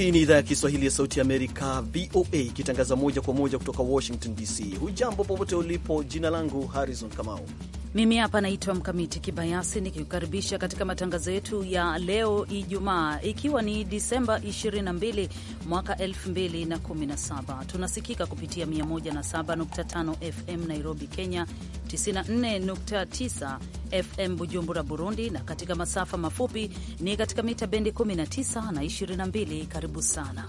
Hii ni idhaa ya Kiswahili ya Sauti ya Amerika, VOA, ikitangaza moja kwa moja kutoka Washington DC. Hujambo popote ulipo, jina langu Harrison Kamau mimi hapa naitwa Mkamiti Kibayasi nikikukaribisha katika matangazo yetu ya leo Ijumaa, ikiwa ni Disemba 22 mwaka 2017. Tunasikika kupitia 107.5 FM Nairobi, Kenya, 94.9 FM Bujumbura, Burundi, na katika masafa mafupi ni katika mita bendi 19 na 22. Karibu sana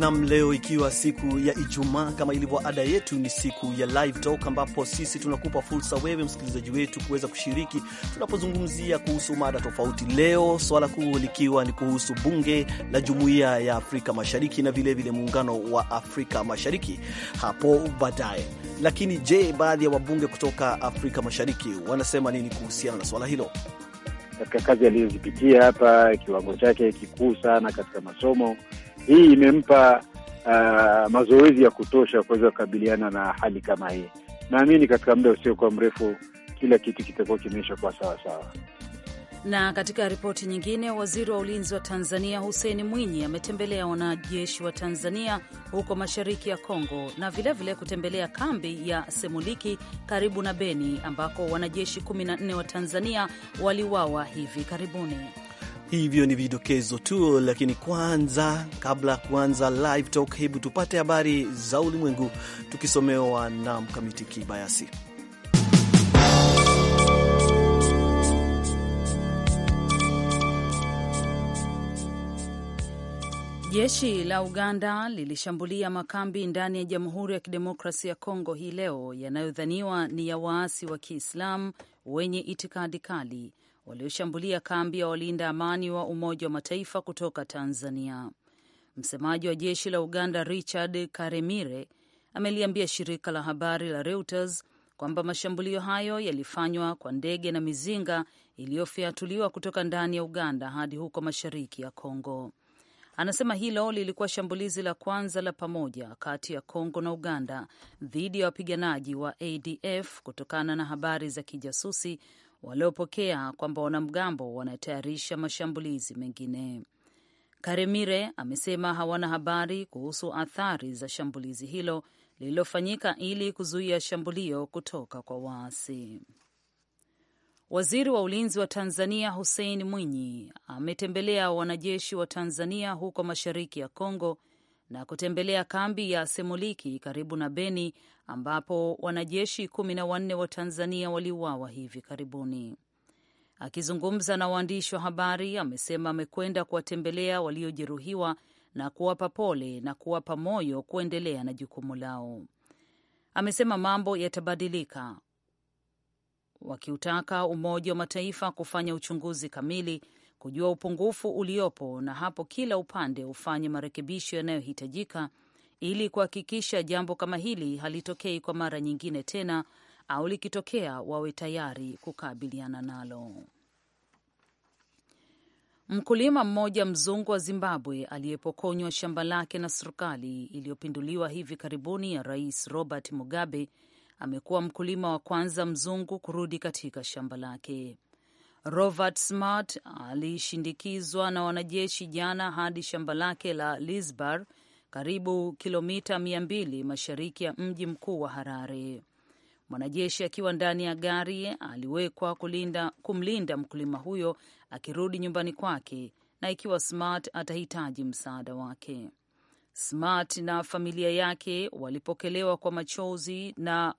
Nam, leo ikiwa siku ya Ijumaa, kama ilivyo ada yetu, ni siku ya live talk, ambapo sisi tunakupa fursa wewe msikilizaji wetu kuweza kushiriki tunapozungumzia kuhusu mada tofauti. Leo swala kuu likiwa ni kuhusu bunge la Jumuiya ya Afrika Mashariki na vilevile muungano wa Afrika Mashariki hapo baadaye. Lakini je, baadhi ya wabunge kutoka Afrika Mashariki wanasema nini kuhusiana na swala hilo? Katika kazi aliyozipitia hapa, kiwango chake kikuu sana katika masomo hii imempa uh, mazoezi ya kutosha kuweza kukabiliana na hali kama hii. Naamini katika muda usiokuwa mrefu kila kitu kitakuwa kimeisha kuwa sawasawa. Na katika ripoti nyingine, waziri wa ulinzi wa Tanzania Hussein Mwinyi ametembelea wanajeshi wa Tanzania huko mashariki ya Kongo na vilevile vile kutembelea kambi ya Semuliki karibu na Beni ambako wanajeshi 14 wa Tanzania waliuawa hivi karibuni. Hivyo ni vidokezo tu, lakini kwanza, kabla ya kuanza live talk, hebu tupate habari za ulimwengu tukisomewa na Mkamiti Kibayasi. Jeshi la Uganda lilishambulia makambi ndani ya Jamhuri ya Kidemokrasia ya Kongo hii leo yanayodhaniwa ni ya waasi wa Kiislamu wenye itikadi kali walioshambulia kambi ya walinda amani wa Umoja wa Mataifa kutoka Tanzania. Msemaji wa jeshi la Uganda Richard Karemire ameliambia shirika la habari la Reuters kwamba mashambulio hayo yalifanywa kwa ndege na mizinga iliyofyatuliwa kutoka ndani ya Uganda hadi huko mashariki ya Kongo. Anasema hilo lilikuwa shambulizi la kwanza la pamoja kati ya Kongo na Uganda dhidi ya wapiganaji wa ADF kutokana na habari za kijasusi waliopokea kwamba wanamgambo wanatayarisha mashambulizi mengine. Karemire amesema hawana habari kuhusu athari za shambulizi hilo lililofanyika ili kuzuia shambulio kutoka kwa waasi. Waziri wa ulinzi wa Tanzania Hussein Mwinyi ametembelea wanajeshi wa Tanzania huko mashariki ya Kongo na kutembelea kambi ya Semuliki karibu na Beni ambapo wanajeshi kumi na wanne wa Tanzania waliuawa hivi karibuni. Akizungumza na waandishi wa habari, amesema amekwenda kuwatembelea waliojeruhiwa na kuwapa pole na kuwapa moyo kuendelea na jukumu lao. Amesema mambo yatabadilika, wakiutaka Umoja wa Mataifa kufanya uchunguzi kamili kujua upungufu uliopo na hapo kila upande ufanye marekebisho yanayohitajika ili kuhakikisha jambo kama hili halitokei kwa mara nyingine tena au likitokea wawe tayari kukabiliana nalo. Mkulima mmoja mzungu wa Zimbabwe aliyepokonywa shamba lake na serikali iliyopinduliwa hivi karibuni ya Rais Robert Mugabe amekuwa mkulima wa kwanza mzungu kurudi katika shamba lake. Robert Smart alishindikizwa na wanajeshi jana hadi shamba lake la Lisbar, karibu kilomita 2 mashariki ya mji mkuu wa Harare. Mwanajeshi akiwa ndani ya gari aliwekwa kulinda, kumlinda mkulima huyo akirudi nyumbani kwake na ikiwa Smart atahitaji msaada wake. Smart na familia yake walipokelewa kwa machozi na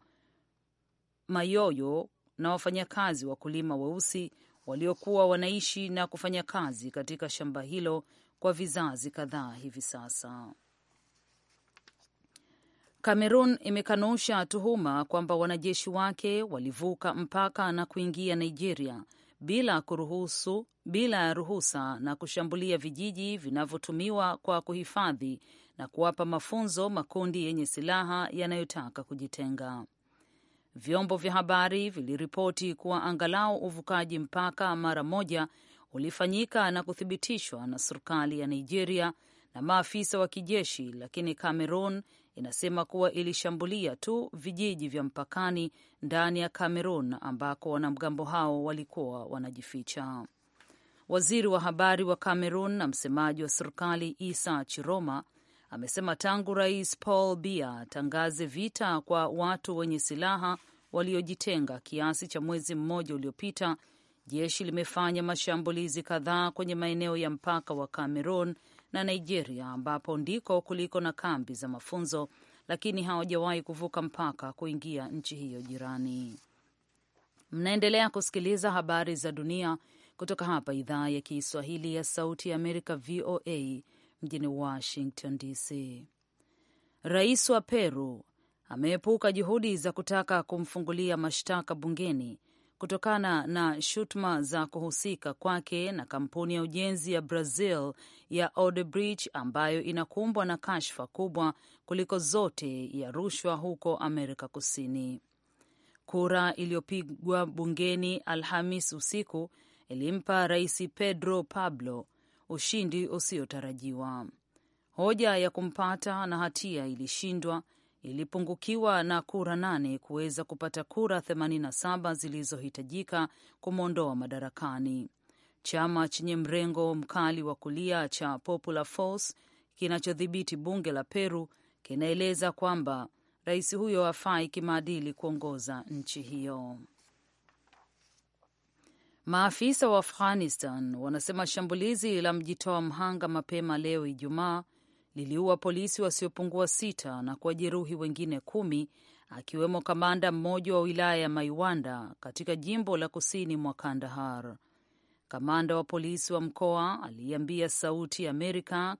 mayoyo na wafanyakazi wakulima weusi waliokuwa wanaishi na kufanya kazi katika shamba hilo kwa vizazi kadhaa hivi sasa. Kamerun imekanusha tuhuma kwamba wanajeshi wake walivuka mpaka na kuingia Nigeria bila kuruhusu, bila ya ruhusa na kushambulia vijiji vinavyotumiwa kwa kuhifadhi na kuwapa mafunzo makundi yenye silaha yanayotaka kujitenga. Vyombo vya habari viliripoti kuwa angalau uvukaji mpaka mara moja ulifanyika na kuthibitishwa na serikali ya Nigeria na maafisa wa kijeshi, lakini Cameroon inasema kuwa ilishambulia tu vijiji vya mpakani ndani ya Cameroon ambako wanamgambo hao walikuwa wanajificha. Waziri wa habari wa Cameroon na msemaji wa serikali Isa Chiroma amesema tangu Rais Paul bia atangaze vita kwa watu wenye silaha waliojitenga kiasi cha mwezi mmoja uliopita, jeshi limefanya mashambulizi kadhaa kwenye maeneo ya mpaka wa Cameroon na Nigeria, ambapo ndiko kuliko na kambi za mafunzo, lakini hawajawahi kuvuka mpaka kuingia nchi hiyo jirani. Mnaendelea kusikiliza habari za dunia kutoka hapa idhaa ya Kiswahili ya Sauti ya Amerika, VOA, mjini Washington DC. Rais wa Peru ameepuka juhudi za kutaka kumfungulia mashtaka bungeni kutokana na shutuma za kuhusika kwake na kampuni ya ujenzi ya Brazil ya Odebrecht ambayo inakumbwa na kashfa kubwa kuliko zote ya rushwa huko Amerika Kusini. Kura iliyopigwa bungeni Alhamis usiku ilimpa Rais Pedro Pablo ushindi usiotarajiwa. Hoja ya kumpata na hatia ilishindwa, ilipungukiwa na kura nane kuweza kupata kura 87 zilizohitajika kumwondoa madarakani. Chama chenye mrengo mkali wa kulia cha Popular Force kinachodhibiti bunge la Peru kinaeleza kwamba rais huyo hafai kimaadili kuongoza nchi hiyo. Maafisa wa Afghanistan wanasema shambulizi la mjitoa mhanga mapema leo Ijumaa liliua polisi wasiopungua sita na kuwajeruhi wengine kumi akiwemo kamanda mmoja wa wilaya ya Maiwanda katika jimbo la kusini mwa Kandahar. Kamanda wa polisi wa mkoa aliambia Sauti Amerika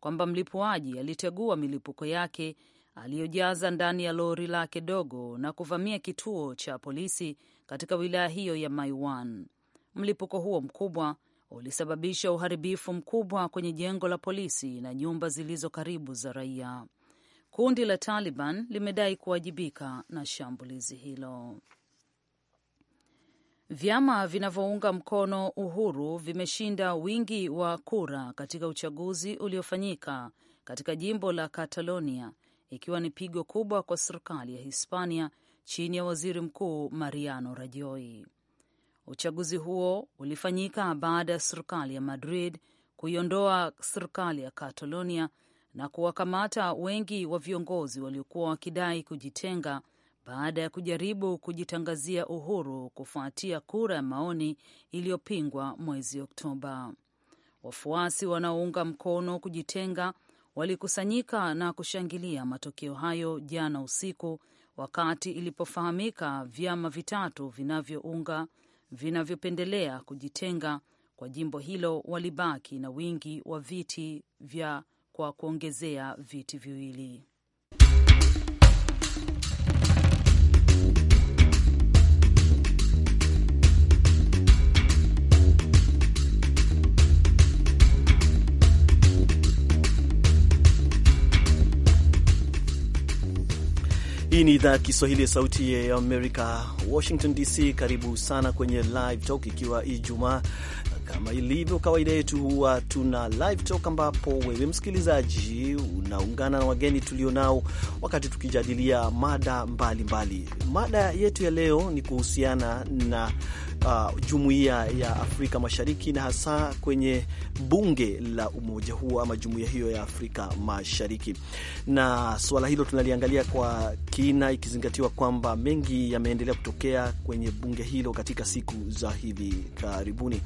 kwamba mlipuaji alitegua milipuko yake aliyojaza ndani ya lori lake dogo na kuvamia kituo cha polisi katika wilaya hiyo ya Maiwan. Mlipuko huo mkubwa ulisababisha uharibifu mkubwa kwenye jengo la polisi na nyumba zilizo karibu za raia. Kundi la Taliban limedai kuwajibika na shambulizi hilo. Vyama vinavyounga mkono uhuru vimeshinda wingi wa kura katika uchaguzi uliofanyika katika jimbo la Catalonia, ikiwa ni pigo kubwa kwa serikali ya Hispania chini ya waziri mkuu Mariano Rajoy. Uchaguzi huo ulifanyika baada ya serikali ya Madrid kuiondoa serikali ya Catalonia na kuwakamata wengi wa viongozi waliokuwa wakidai kujitenga baada ya kujaribu kujitangazia uhuru kufuatia kura ya maoni iliyopingwa mwezi Oktoba. Wafuasi wanaounga mkono kujitenga walikusanyika na kushangilia matokeo hayo jana usiku, wakati ilipofahamika vyama vitatu vinavyounga vinavyopendelea kujitenga kwa jimbo hilo walibaki na wingi wa viti vya kwa kuongezea viti viwili. Hii ni idhaa ya Kiswahili ya Sauti ya Amerika, Washington DC. Karibu sana kwenye Live Talk, ikiwa Ijumaa. Kama ilivyo kawaida yetu, huwa tuna Live Talk ambapo wewe msikilizaji unaungana na wageni tulionao wakati tukijadilia mada mbalimbali mbali. Mada yetu ya leo ni kuhusiana na uh, jumuiya ya Afrika Mashariki na hasa kwenye bunge la umoja huo ama jumuiya hiyo ya Afrika Mashariki. Na suala hilo tunaliangalia kwa kina, ikizingatiwa kwamba mengi yameendelea kutokea kwenye bunge hilo katika siku za hivi karibuni.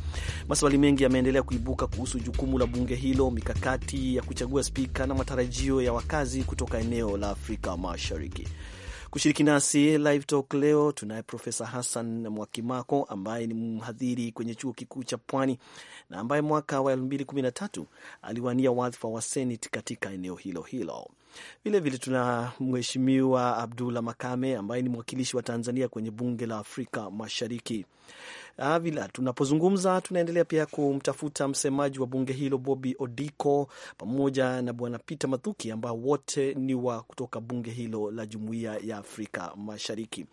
Maswali mengi yameendelea kuibuka kuhusu jukumu la bunge hilo, mikakati ya kuchagua spika na matarajio ya wakazi kutoka eneo la Afrika Mashariki. Kushiriki nasi live talk leo tunaye Profesa Hassan Mwakimako ambaye ni mhadhiri kwenye chuo kikuu cha Pwani na ambaye mwaka wa tatu aliwania wadhifa wa seneti katika eneo hilo hilo. Vilevile tuna Mheshimiwa Abdullah Makame ambaye ni mwakilishi wa Tanzania kwenye bunge la Afrika Mashariki. Ah, Vila tunapozungumza tunaendelea pia kumtafuta msemaji wa bunge hilo Bobby Odiko pamoja na bwana Peter Mathuki ambao wote ni wa kutoka bunge hilo la Jumuiya ya Afrika Mashariki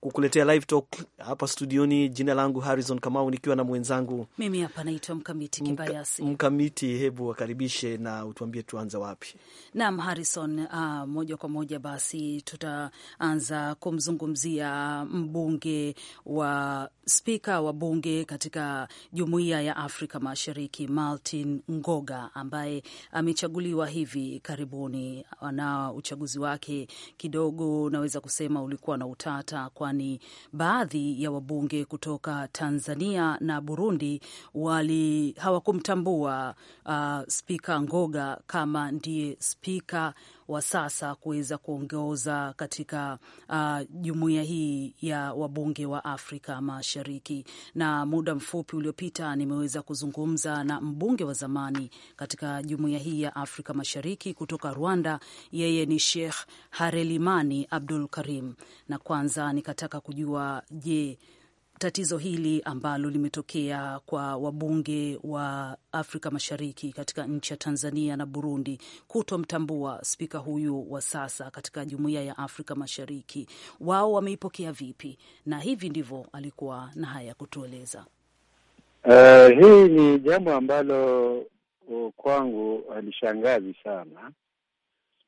kukuletea live talk hapa studioni. Jina langu Harrison Kamau nikiwa na mwenzangu mimi hapa naitwa Mkamiti Kibayasi. Mkamiti, hebu wakaribishe na utuambie tuanza wapi? Naam Harrison, uh, moja kwa moja basi tutaanza kumzungumzia mbunge wa spika wabunge katika jumuiya ya Afrika Mashariki Martin Ngoga ambaye amechaguliwa hivi karibuni, na uchaguzi wake kidogo naweza kusema ulikuwa na utata, kwani baadhi ya wabunge kutoka Tanzania na Burundi wali hawakumtambua uh, spika Ngoga kama ndiye spika wa sasa kuweza kuongoza katika uh, jumuiya uh, hii ya wabunge wa Afrika Mashariki. Na muda mfupi uliopita nimeweza kuzungumza na mbunge wa zamani katika jumuiya hii ya Afrika Mashariki kutoka Rwanda. Yeye ni Sheikh Harelimani Abdul Karim, na kwanza nikataka kujua je, tatizo hili ambalo limetokea kwa wabunge wa Afrika Mashariki katika nchi ya Tanzania na Burundi kutomtambua spika huyu wa sasa katika jumuiya ya Afrika Mashariki, wao wameipokea vipi? Na hivi ndivyo alikuwa na haya ya kutueleza. Uh, hii ni jambo ambalo kwangu halishangazi sana,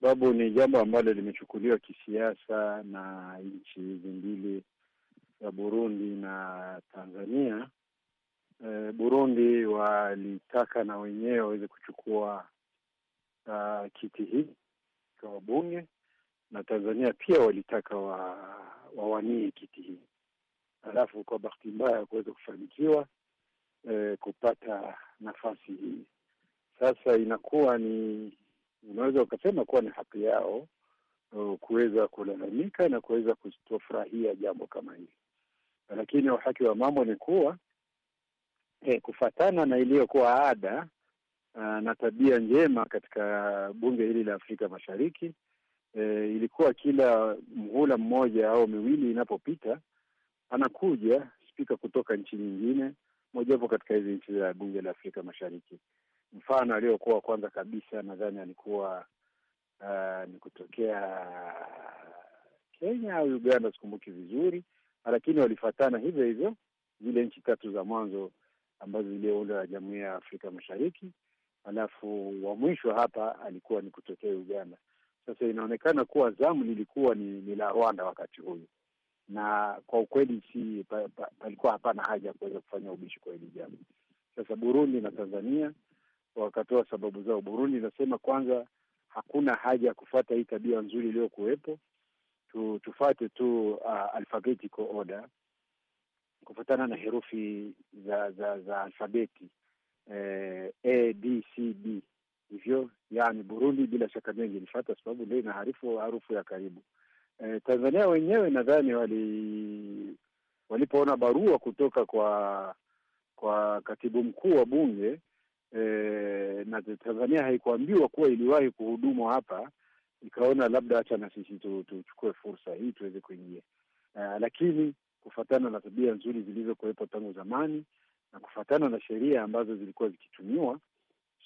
sababu ni jambo ambalo limechukuliwa kisiasa na nchi hizi mbili ya Burundi na Tanzania. E, Burundi walitaka na wenyewe waweze kuchukua uh, kiti hii cha wabunge na Tanzania pia walitaka wa, wawanie kiti hii, alafu kwa bahati mbaya kuweza kufanikiwa e, kupata nafasi hii. Sasa inakuwa ni unaweza ukasema kuwa ni haki yao oh, kuweza kulalamika na kuweza kutofurahia jambo kama hili. Lakini uhaki wa mambo ni kuwa eh, kufatana na iliyokuwa ada aa, ah, na tabia njema katika bunge hili la Afrika Mashariki eh, ilikuwa kila mhula mmoja au miwili inapopita anakuja spika kutoka nchi nyingine mojawapo katika hizi nchi za bunge la Afrika Mashariki. Mfano aliyokuwa kwanza kabisa nadhani alikuwa uh, ni kutokea Kenya au Uganda, sikumbuki vizuri, lakini walifatana hivyo hivyo zile nchi tatu za mwanzo ambazo ziliyounda na Jumuiya ya Afrika Mashariki, alafu wa mwisho hapa alikuwa ni kutokea Uganda. Sasa inaonekana kuwa zamu lilikuwa ni, ni la Rwanda wakati huyu, na kwa ukweli si pa, pa, palikuwa hapana haja ya kuweza kufanya ubishi kwa hili jambo. Sasa Burundi na Tanzania wakatoa sababu zao. Burundi inasema kwanza hakuna haja ya kufuata hii tabia nzuri iliyokuwepo tu, tufate tu uh, alphabetical order kufuatana na herufi za za, za alfabeti eh, A B C D hivyo. Yani Burundi bila shaka mengi ilifata, sababu ndio inaarifu harufu ya karibu. Eh, Tanzania wenyewe nadhani wali walipoona barua kutoka kwa kwa katibu mkuu wa bunge eh, na Tanzania haikuambiwa kuwa iliwahi kuhudumu hapa ikaona labda hacha na sisi tuchukue fursa hii tuweze kuingia. Uh, lakini kufatana na tabia nzuri zilizokuwepo tangu zamani na kufatana na sheria ambazo zilikuwa zikitumiwa,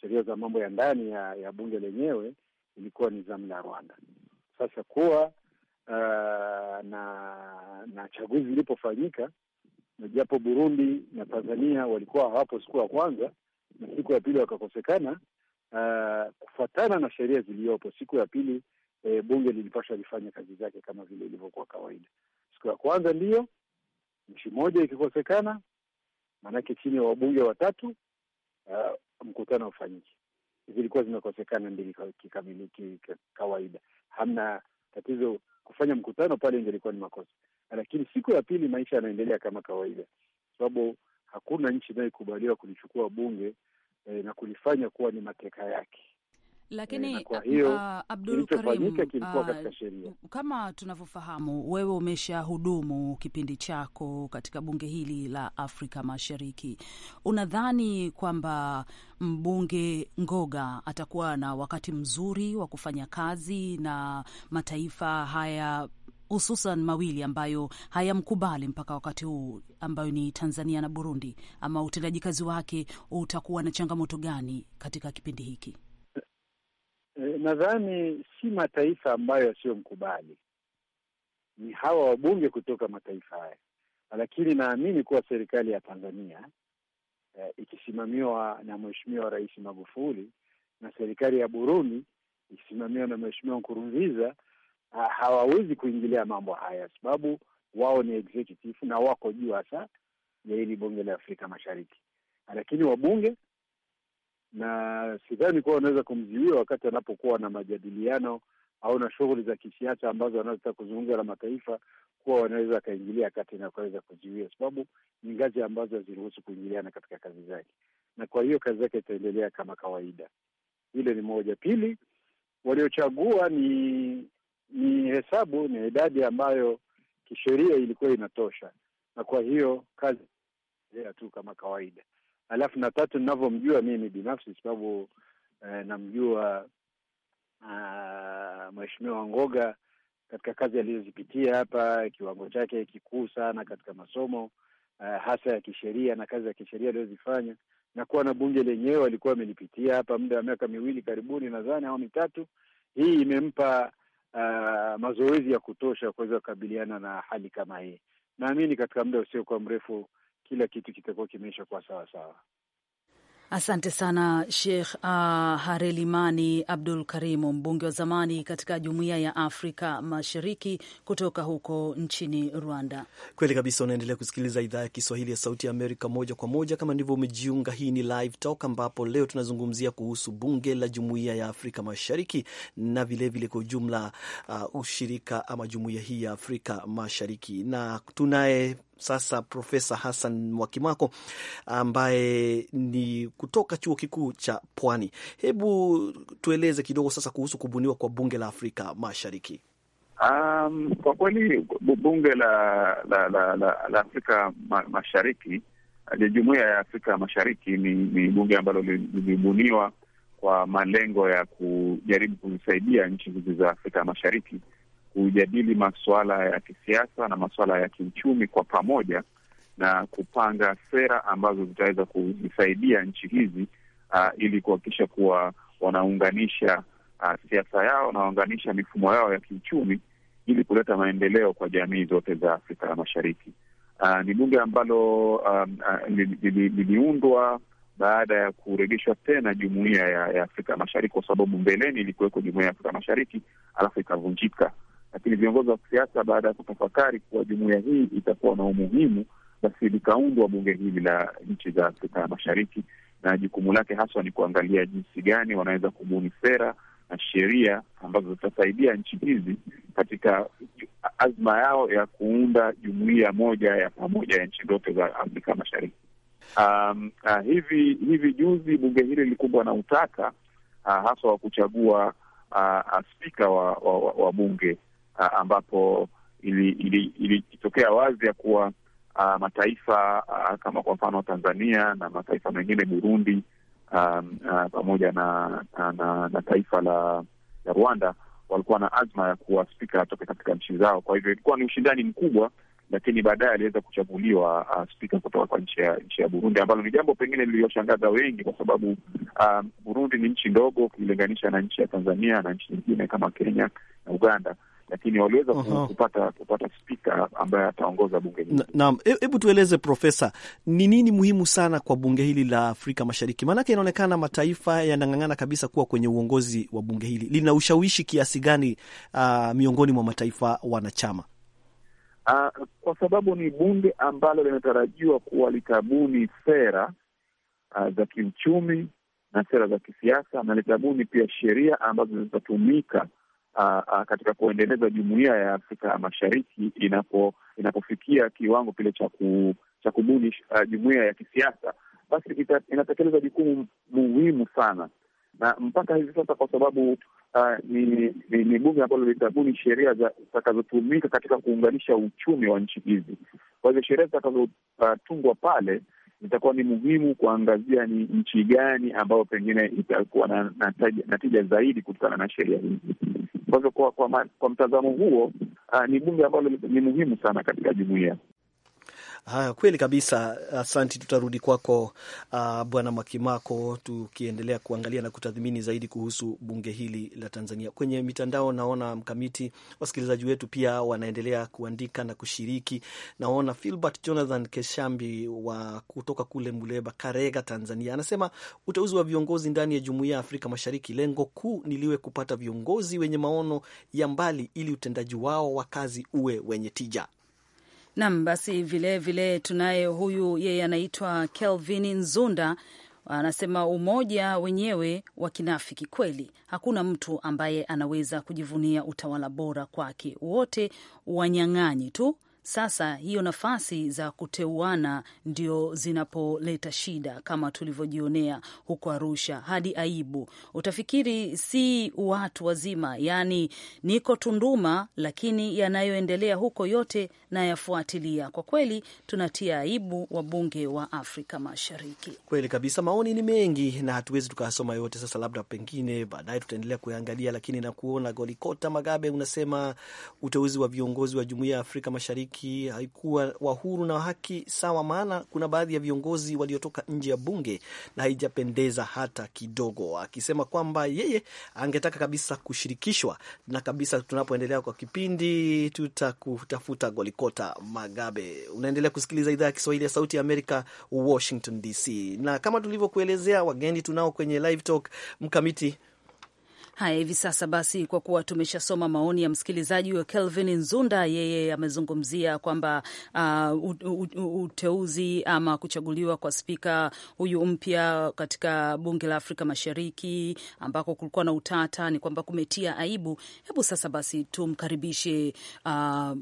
sheria za mambo ya ndani ya, ya bunge lenyewe ilikuwa ni zamu la Rwanda. Sasa kuwa uh, na na chaguzi ilipofanyika, na japo Burundi na Tanzania walikuwa hawapo siku ya kwanza na siku ya pili wakakosekana, uh, kufuatana na sheria ziliyopo, siku ya pili eh, bunge lilipaswa lifanye kazi zake kama vile ilivyokuwa kawaida. Siku ya kwanza ndiyo nchi moja ikikosekana, maanake chini ya wabunge watatu uh, mkutano ufanyike. Zilikuwa zimekosekana mbili kikamiliki kawaida, hamna tatizo kufanya mkutano pale, ingelikuwa ni makosa. Lakini siku ya pili maisha yanaendelea kama kawaida, sababu hakuna nchi inayokubaliwa kulichukua bunge eh, na kulifanya kuwa ni mateka yake. Lakini eh, Abdul Karim, kama tunavyofahamu, wewe umesha hudumu kipindi chako katika bunge hili la Afrika Mashariki, unadhani kwamba mbunge Ngoga atakuwa na wakati mzuri wa kufanya kazi na mataifa haya hususan mawili ambayo hayamkubali mpaka wakati huu, ambayo ni Tanzania na Burundi, ama utendaji kazi wake utakuwa na changamoto gani katika kipindi hiki? Eh, nadhani si mataifa ambayo yasiyomkubali, ni hawa wabunge kutoka mataifa haya, lakini naamini kuwa serikali ya Tanzania e, ikisimamiwa na Mheshimiwa Rais Magufuli na serikali ya Burundi ikisimamiwa na Mheshimiwa Nkurunziza hawawezi kuingilia mambo haya, sababu wao ni executive na wako juu hasa ya hili bunge la Afrika Mashariki. Lakini wabunge na sidhani kuwa wanaweza kumziwia wakati wanapokuwa na majadiliano au na shughuli za kisiasa ambazo wanazotaka kuzungumza na mataifa, kuwa wanaweza wakaingilia kati na wakaweza kuziwia, sababu ni ngazi ambazo haziruhusu kuingiliana katika kazi zake, na kwa hiyo kazi zake itaendelea kama kawaida. Hilo ni moja. Pili, waliochagua ni ni hesabu, ni idadi ambayo kisheria ilikuwa inatosha, na kwa hiyo kazi ya tu kama kawaida. Alafu na tatu, ninavyomjua mimi binafsi, sababu eh, namjua mweshimiwa ah, mheshimiwa Ngoga katika kazi alizozipitia hapa, kiwango chake kikuu sana katika masomo aa, eh, hasa ya kisheria na kazi za kisheria aliyozifanya na kuwa na bunge lenyewe alikuwa amelipitia hapa muda wa miaka miwili karibuni, nadhani au mitatu. Hii imempa uh, mazoezi ya kutosha kuweza kukabiliana na hali kama hii. Naamini katika muda usiokuwa mrefu kila kitu kitakuwa kimeisha kuwa sawasawa. Asante sana Sheikh uh, Harelimani Abdul Karimu, mbunge wa zamani katika Jumuiya ya Afrika Mashariki kutoka huko nchini Rwanda. Kweli kabisa, unaendelea kusikiliza idhaa ya Kiswahili ya Sauti ya Amerika moja kwa moja. Kama ndivyo umejiunga, hii ni Live Talk ambapo leo tunazungumzia kuhusu bunge la Jumuiya ya Afrika Mashariki na vilevile kwa ujumla uh, ushirika ama jumuiya hii ya Afrika Mashariki, na tunaye sasa Profesa Hassan Mwakimako ambaye ni kutoka chuo kikuu cha Pwani. Hebu tueleze kidogo sasa kuhusu kubuniwa kwa bunge la Afrika Mashariki. Um, kwa kweli bunge la la, la, la, la Afrika ma, Mashariki, eh, jumuiya ya Afrika Mashariki ni, ni bunge ambalo lilibuniwa kwa malengo ya kujaribu kuzisaidia nchi hizi za Afrika Mashariki kujadili masuala ya kisiasa na masuala ya kiuchumi kwa pamoja na kupanga sera ambazo zitaweza kuzisaidia nchi hizi uh, ili kuhakikisha kuwa wanaunganisha uh, siasa yao na waunganisha mifumo yao ya kiuchumi ili kuleta maendeleo kwa jamii zote za Afrika ya Mashariki. Uh, ni bunge ambalo um, uh, liliundwa li, li, baada ya kurejeshwa tena jumuiya ya, ya Afrika Mashariki, kwa sababu mbeleni ilikuweko jumuiya ya Afrika Mashariki alafu ikavunjika lakini viongozi wa kisiasa baada ya kutafakari kuwa jumuiya hii itakuwa na umuhimu, basi likaundwa bunge hili la nchi za Afrika ya Mashariki, na jukumu lake haswa ni kuangalia jinsi gani wanaweza kubuni sera na sheria ambazo zitasaidia nchi hizi katika azma yao ya kuunda jumuiya moja ya pamoja ya nchi zote za Afrika Mashariki. Um, uh, hivi hivi juzi bunge hili lilikumbwa na utata uh, haswa wa kuchagua uh, uh, spika wa, wa, wa, wa bunge uh, ambapo ilitokea ili, wazi ya kuwa uh, mataifa uh, kama kwa mfano Tanzania na mataifa mengine Burundi um, uh, pamoja na, na, na, na taifa la, la Rwanda walikuwa na azma ya kuwa spika atoke katika nchi zao. Kwa hivyo ilikuwa ni ushindani mkubwa, lakini baadaye aliweza kuchaguliwa uh, spika kutoka kwa nchi ya nchi ya Burundi, ambalo ni jambo pengine liliyoshangaza wengi, kwa sababu uh, Burundi ni nchi ndogo ukilinganisha na nchi ya Tanzania na nchi nyingine kama Kenya na Uganda lakini waliweza uh -huh. kupata kupata spika ambaye ataongoza bunge hili. Naam, hebu tueleze Profesa, ni nini muhimu sana kwa bunge hili la Afrika Mashariki? Maanake inaonekana mataifa yanang'ang'ana kabisa kuwa kwenye uongozi wa bunge hili. Lina ushawishi kiasi gani uh, miongoni mwa mataifa wanachama? Uh, kwa sababu ni bunge ambalo linatarajiwa kuwa litabuni sera uh, za kiuchumi na sera za kisiasa na litabuni pia sheria ambazo zitatumika uh, uh, katika kuendeleza jumuiya ya Afrika Mashariki inapo, inapofikia kiwango kile cha ku, cha kubuni uh, jumuiya ya kisiasa, basi ita, inatekeleza jukumu muhimu sana na mpaka hivi sasa kwa sababu uh, ni, ni, ni bunge ambalo litabuni sheria zitakazotumika katika kuunganisha uchumi wa nchi hizi. Kwa hivyo sheria zitakazotungwa uh, pale zitakuwa ni muhimu kuangazia ni nchi gani ambayo pengine itakuwa na natija zaidi kutokana na sheria hizi. Kwa, kwa, kwa mtazamo huo uh, ni bunge ambalo ni muhimu sana katika jumuia. Haya, kweli kabisa, asanti. Tutarudi kwako kwa, ah, bwana Mwakimako, tukiendelea kuangalia na kutathmini zaidi kuhusu bunge hili la Tanzania. Kwenye mitandao naona mkamiti, wasikilizaji wetu pia wanaendelea kuandika na kushiriki. Naona Filbert Jonathan Keshambi wa kutoka kule Muleba, Karega, Tanzania, anasema uteuzi wa viongozi ndani ya jumuiya ya Afrika Mashariki, lengo kuu niliwe kupata viongozi wenye maono ya mbali ili utendaji wao wa kazi uwe wenye tija. Nam, basi vilevile tunaye huyu, yeye anaitwa Kelvin Nzunda, anasema umoja wenyewe wa kinafiki kweli. Hakuna mtu ambaye anaweza kujivunia utawala bora kwake, wote wanyang'anyi tu sasa hiyo nafasi za kuteuana ndio zinapoleta shida kama tulivyojionea huko Arusha, hadi aibu. Utafikiri si watu wazima, yaani niko Tunduma, lakini yanayoendelea huko yote nayafuatilia. Kwa kweli tunatia aibu wabunge wa Afrika Mashariki. Kweli kabisa, maoni ni mengi na hatuwezi tukayasoma yote. Sasa labda pengine baadaye tutaendelea kuyaangalia, lakini nakuona Golikota Magabe unasema uteuzi wa viongozi wa Jumuiya ya Afrika Mashariki Ugiriki haikuwa wa huru na haki sawa, maana kuna baadhi ya viongozi waliotoka nje ya bunge na haijapendeza hata kidogo, akisema kwamba yeye angetaka kabisa kushirikishwa na kabisa. Tunapoendelea kwa kipindi, tutakutafuta Golikota Magabe. Unaendelea kusikiliza idhaa ya Kiswahili ya Sauti ya Amerika, Washington DC, na kama tulivyokuelezea, wageni tunao kwenye live talk mkamiti Haya, hivi sasa basi, kwa kuwa tumeshasoma maoni ya msikilizaji wa Kelvin Nzunda, yeye amezungumzia kwamba uh, uteuzi ama kuchaguliwa kwa spika huyu mpya katika bunge la Afrika Mashariki ambako kulikuwa na utata, ni kwamba kumetia aibu. Hebu sasa basi tumkaribishe uh,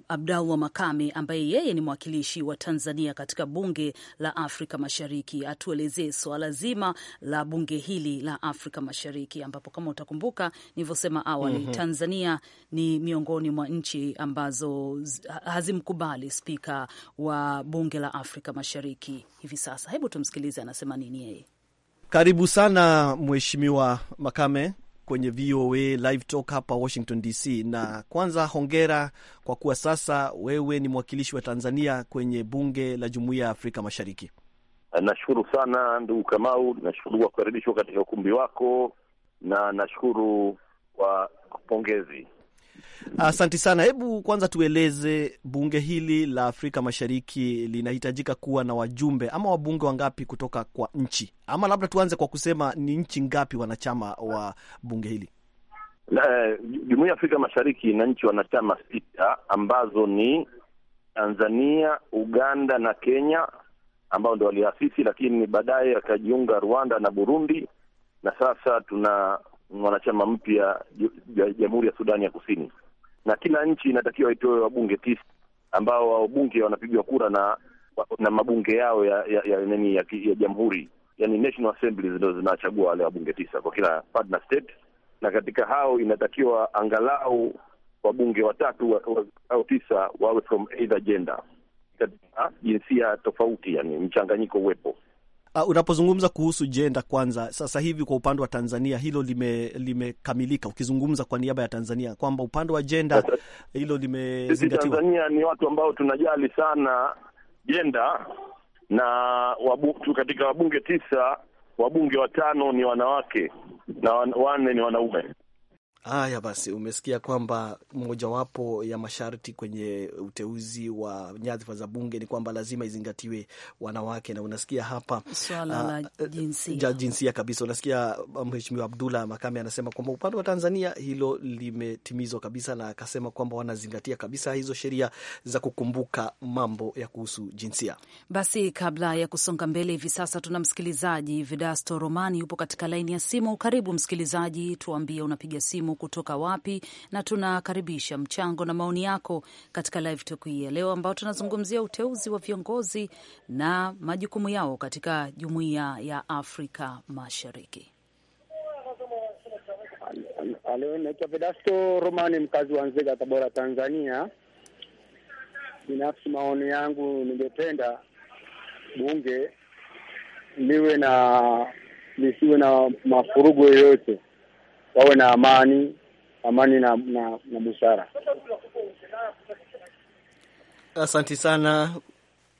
Abdallah Makame ambaye yeye ni mwakilishi wa Tanzania katika bunge la Afrika Mashariki, atuelezee swala zima la bunge hili la Afrika Mashariki ambapo kama utakumbuka mwaka nilivyosema awali mm -hmm. Tanzania ni miongoni mwa nchi ambazo hazimkubali spika wa bunge la Afrika Mashariki hivi sasa. Hebu tumsikilize anasema nini yeye. Karibu sana Mheshimiwa Makame kwenye VOA Live Talk hapa Washington DC. Na kwanza hongera kwa kuwa sasa wewe ni mwakilishi wa Tanzania kwenye bunge la Jumuiya ya Afrika Mashariki. Nashukuru sana ndugu Kamau, nashukuru kwa kukaribishwa katika ukumbi wako na nashukuru kwa pongezi. Asante sana. Hebu kwanza tueleze bunge hili la Afrika Mashariki linahitajika kuwa na wajumbe ama wabunge wangapi kutoka kwa nchi, ama labda tuanze kwa kusema ni nchi ngapi wanachama wa bunge hili? Eh, Jumuiya ya Afrika Mashariki ina nchi wanachama sita ambazo ni Tanzania, Uganda na Kenya ambao ndo waliasisi, lakini baadaye akajiunga Rwanda na Burundi na sasa tuna mwanachama mpya Jamhuri ya Sudani ya Kusini, na kila nchi inatakiwa itoe wabunge tisa ambao wabunge wanapigwa kura na na mabunge yao ya ya, ya, ya, ya, ya jamhuri yani national assemblies ndo zinachagua wale wabunge tisa kwa kila partner state, na katika hao inatakiwa angalau wabunge watatu wa, wa, au tisa wawe from either gender, katika ah, jinsia tofauti, yani mchanganyiko uwepo. Uh, unapozungumza kuhusu jenda kwanza, sasa hivi kwa upande wa Tanzania hilo limekamilika, lime ukizungumza kwa niaba ya Tanzania kwamba upande wa jenda hilo limezingatiwa. Tanzania ni watu ambao tunajali sana jenda na wabu, katika wabunge tisa wabunge watano ni wanawake na wane ni wanaume. Haya basi, umesikia kwamba mojawapo ya masharti kwenye uteuzi wa nyadhifa za bunge ni kwamba lazima izingatiwe wanawake, na unasikia hapa swala ah, la uh, jinsia. Jinsia kabisa. Unasikia ah, Mheshimiwa Abdullah Makame anasema kwamba upande wa Tanzania hilo limetimizwa kabisa, na akasema kwamba wanazingatia kabisa hizo sheria za kukumbuka mambo ya kuhusu jinsia. Basi kabla ya kusonga mbele, hivi sasa tuna msikilizaji vidasto Romani yupo katika laini ya simu. Karibu msikilizaji, tuambie unapiga simu simu kutoka wapi, na tunakaribisha mchango na maoni yako katika live talk hii ya leo, ambao tunazungumzia uteuzi wa viongozi na majukumu yao katika jumuiya ya Afrika Mashariki. naitwa Vedasto Romani, mkazi wa Nzega, Tabora, Tanzania. Binafsi maoni yangu, ningependa bunge liwe na lisiwe na mafurugo yoyote, wawe na amani, amani na na, na busara. Asanti sana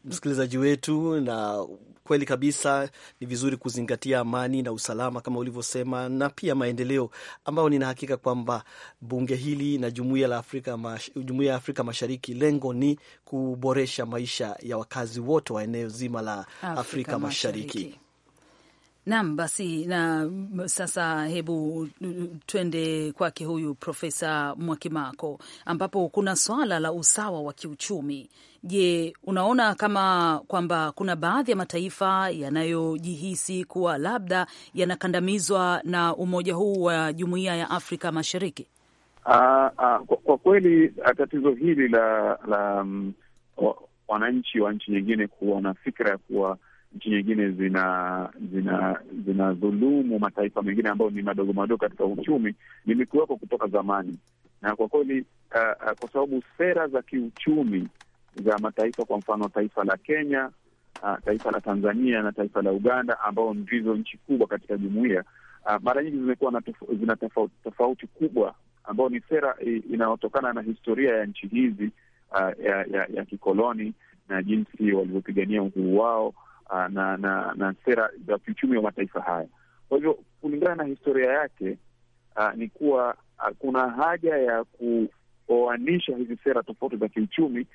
msikilizaji wetu, na kweli kabisa ni vizuri kuzingatia amani na usalama kama ulivyosema, na pia maendeleo ambayo nina hakika kwamba bunge hili na jumuiya la Afrika jumuiya ya Afrika Mashariki, lengo ni kuboresha maisha ya wakazi wote wa eneo zima la Afrika, Afrika Mashariki, Mashariki. Naam, basi na sasa, hebu twende kwake huyu Profesa Mwakimako, ambapo kuna swala la usawa wa kiuchumi. Je, unaona kama kwamba kuna baadhi ya mataifa yanayojihisi kuwa labda yanakandamizwa na umoja huu wa Jumuiya ya Afrika Mashariki? Aa, ah, aa, ah, kwa, kwa kweli ah, tatizo hili la la mm, wananchi wa nchi nyingine kuwa na fikra ya kuwa nchi nyingine zina zina zinadhulumu mataifa mengine ambayo ni madogo madogo katika uchumi limekuwekwa kutoka zamani, na kwa kweli uh, uh, kwa sababu sera za kiuchumi za mataifa, kwa mfano taifa la Kenya, uh, taifa la Tanzania na taifa la Uganda, ambao ndizo nchi kubwa katika jumuiya uh, mara nyingi zimekuwa zina tofauti, tofauti kubwa ambayo ni sera inayotokana na historia ya nchi hizi uh, ya, ya, ya kikoloni na jinsi walivyopigania uhuru wao Uh, na na na sera za kiuchumi wa mataifa haya. Kwa hivyo kulingana na historia yake uh, ni kuwa uh, kuna haja ya kuoanisha hizi sera tofauti za kiuchumi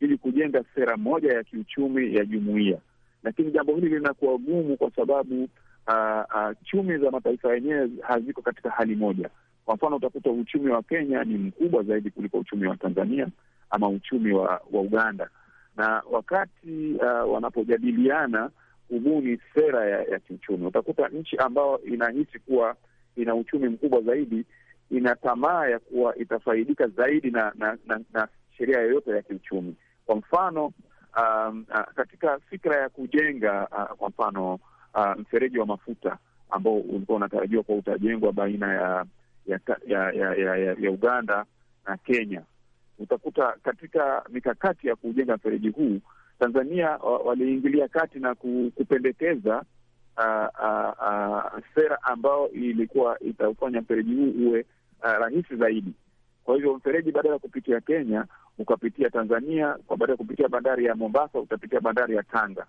ili kujenga sera moja ya kiuchumi ya jumuiya, lakini jambo hili linakuwa gumu kwa sababu uh, uh, chumi za mataifa yenyewe haziko katika hali moja. Kwa mfano, utakuta uchumi wa Kenya ni mkubwa zaidi kuliko uchumi wa Tanzania ama uchumi wa, wa Uganda na wakati uh, wanapojadiliana kubuni sera ya, ya kiuchumi, utakuta nchi ambayo inahisi kuwa ina uchumi mkubwa zaidi ina tamaa ya kuwa itafaidika zaidi na na, na, na sheria yoyote ya kiuchumi. Kwa mfano um, uh, katika fikra ya kujenga uh, kwa mfano uh, mfereji wa mafuta ambao ulikuwa unatarajiwa kuwa utajengwa baina ya ya, ya, ya, ya, ya Uganda na Kenya utakuta katika mikakati ya kujenga mfereji huu Tanzania waliingilia kati na kupendekeza uh, uh, uh, sera ambayo ilikuwa itaufanya mfereji huu uwe uh, rahisi zaidi. Kwa hivyo mfereji badala ya kupitia Kenya ukapitia Tanzania, kwa baada ya kupitia bandari ya Mombasa utapitia bandari ya Tanga.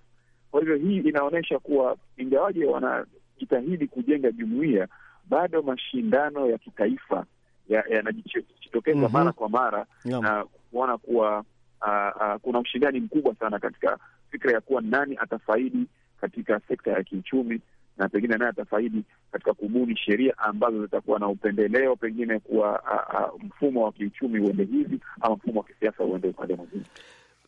Kwa hivyo hii inaonyesha kuwa ingawaje wanajitahidi kujenga jumuiya, bado mashindano ya kitaifa ya kujitokeza mm -hmm. mara kwa mara yeah. na kuona kuwa uh, uh, kuna ushindani mkubwa sana katika fikra ya kuwa nani atafaidi katika sekta ya kiuchumi na pengine naye atafaidi katika kubuni sheria ambazo zitakuwa na upendeleo pengine kuwa a, a, mfumo wa kiuchumi uende hivi ama mfumo wa kisiasa uende upande mwingine.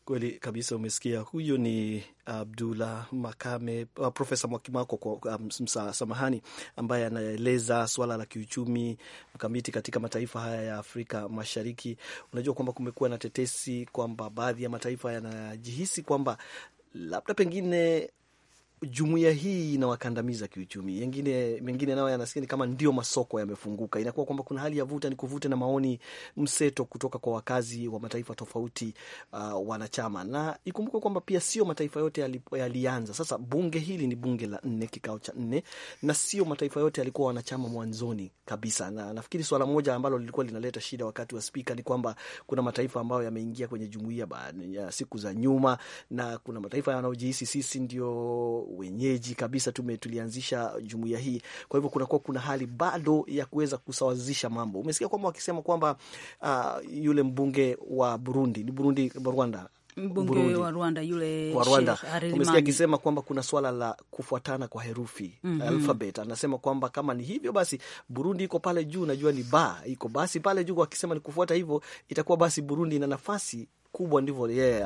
Kweli kabisa, umesikia. Huyu ni Abdullah Makame, uh, Profesa Mwakimako kwa um, samahani, ambaye anaeleza swala la kiuchumi mkamiti katika mataifa haya ya Afrika Mashariki. Unajua kwamba kumekuwa na tetesi kwamba baadhi ya mataifa yanajihisi kwamba labda pengine jumuiya hii inawakandamiza kiuchumi, yengine mengine nayo yanasikia ni kama ndio masoko yamefunguka. Inakuwa kwamba kuna hali ya vuta ni kuvute na maoni mseto kutoka kwa wakazi wa mataifa tofauti uh, wanachama, na ikumbukwe kwamba pia sio mataifa yote yalianza. Sasa bunge hili ni bunge la nne, kikao cha nne, na sio mataifa yote yalikuwa wanachama mwanzoni kabisa. Na nafikiri swala moja ambalo lilikuwa linaleta shida wakati wa spika ni kwamba kuna mataifa ambayo yameingia kwenye jumuiya ya siku za nyuma, na kuna mataifa yanayojihisi sisi ndio wenyeji kabisa, tume tulianzisha jumuiya hii. Kwa hivyo kunakuwa kuna hali bado ya kuweza kusawazisha mambo. Umesikia kwamba wakisema kwamba uh, yule mbunge wa Burundi ni Burundi, Rwanda mbunge wa Rwanda yule wa Rwanda umesikia akisema kwamba kuna swala la kufuatana kwa herufi mm -hmm. alfabet. Anasema kwamba kama ni hivyo basi Burundi iko pale juu, najua ni ba iko basi pale juu, akisema ni kufuata hivyo itakuwa basi Burundi ina nafasi kubwa, ndivyo yeye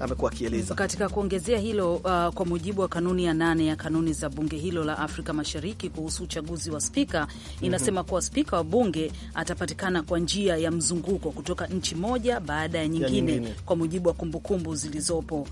amekuwa akieleza. Katika kuongezea hilo, uh, kwa mujibu wa kanuni ya nane ya kanuni za bunge hilo la Afrika Mashariki kuhusu uchaguzi wa spika mhm. inasema mm -hmm. kuwa spika wa bunge atapatikana kwa njia ya mzunguko kutoka nchi moja baada ya nyingine, ya nyingine, kwa mujibu wa kumbukumbu zilizopo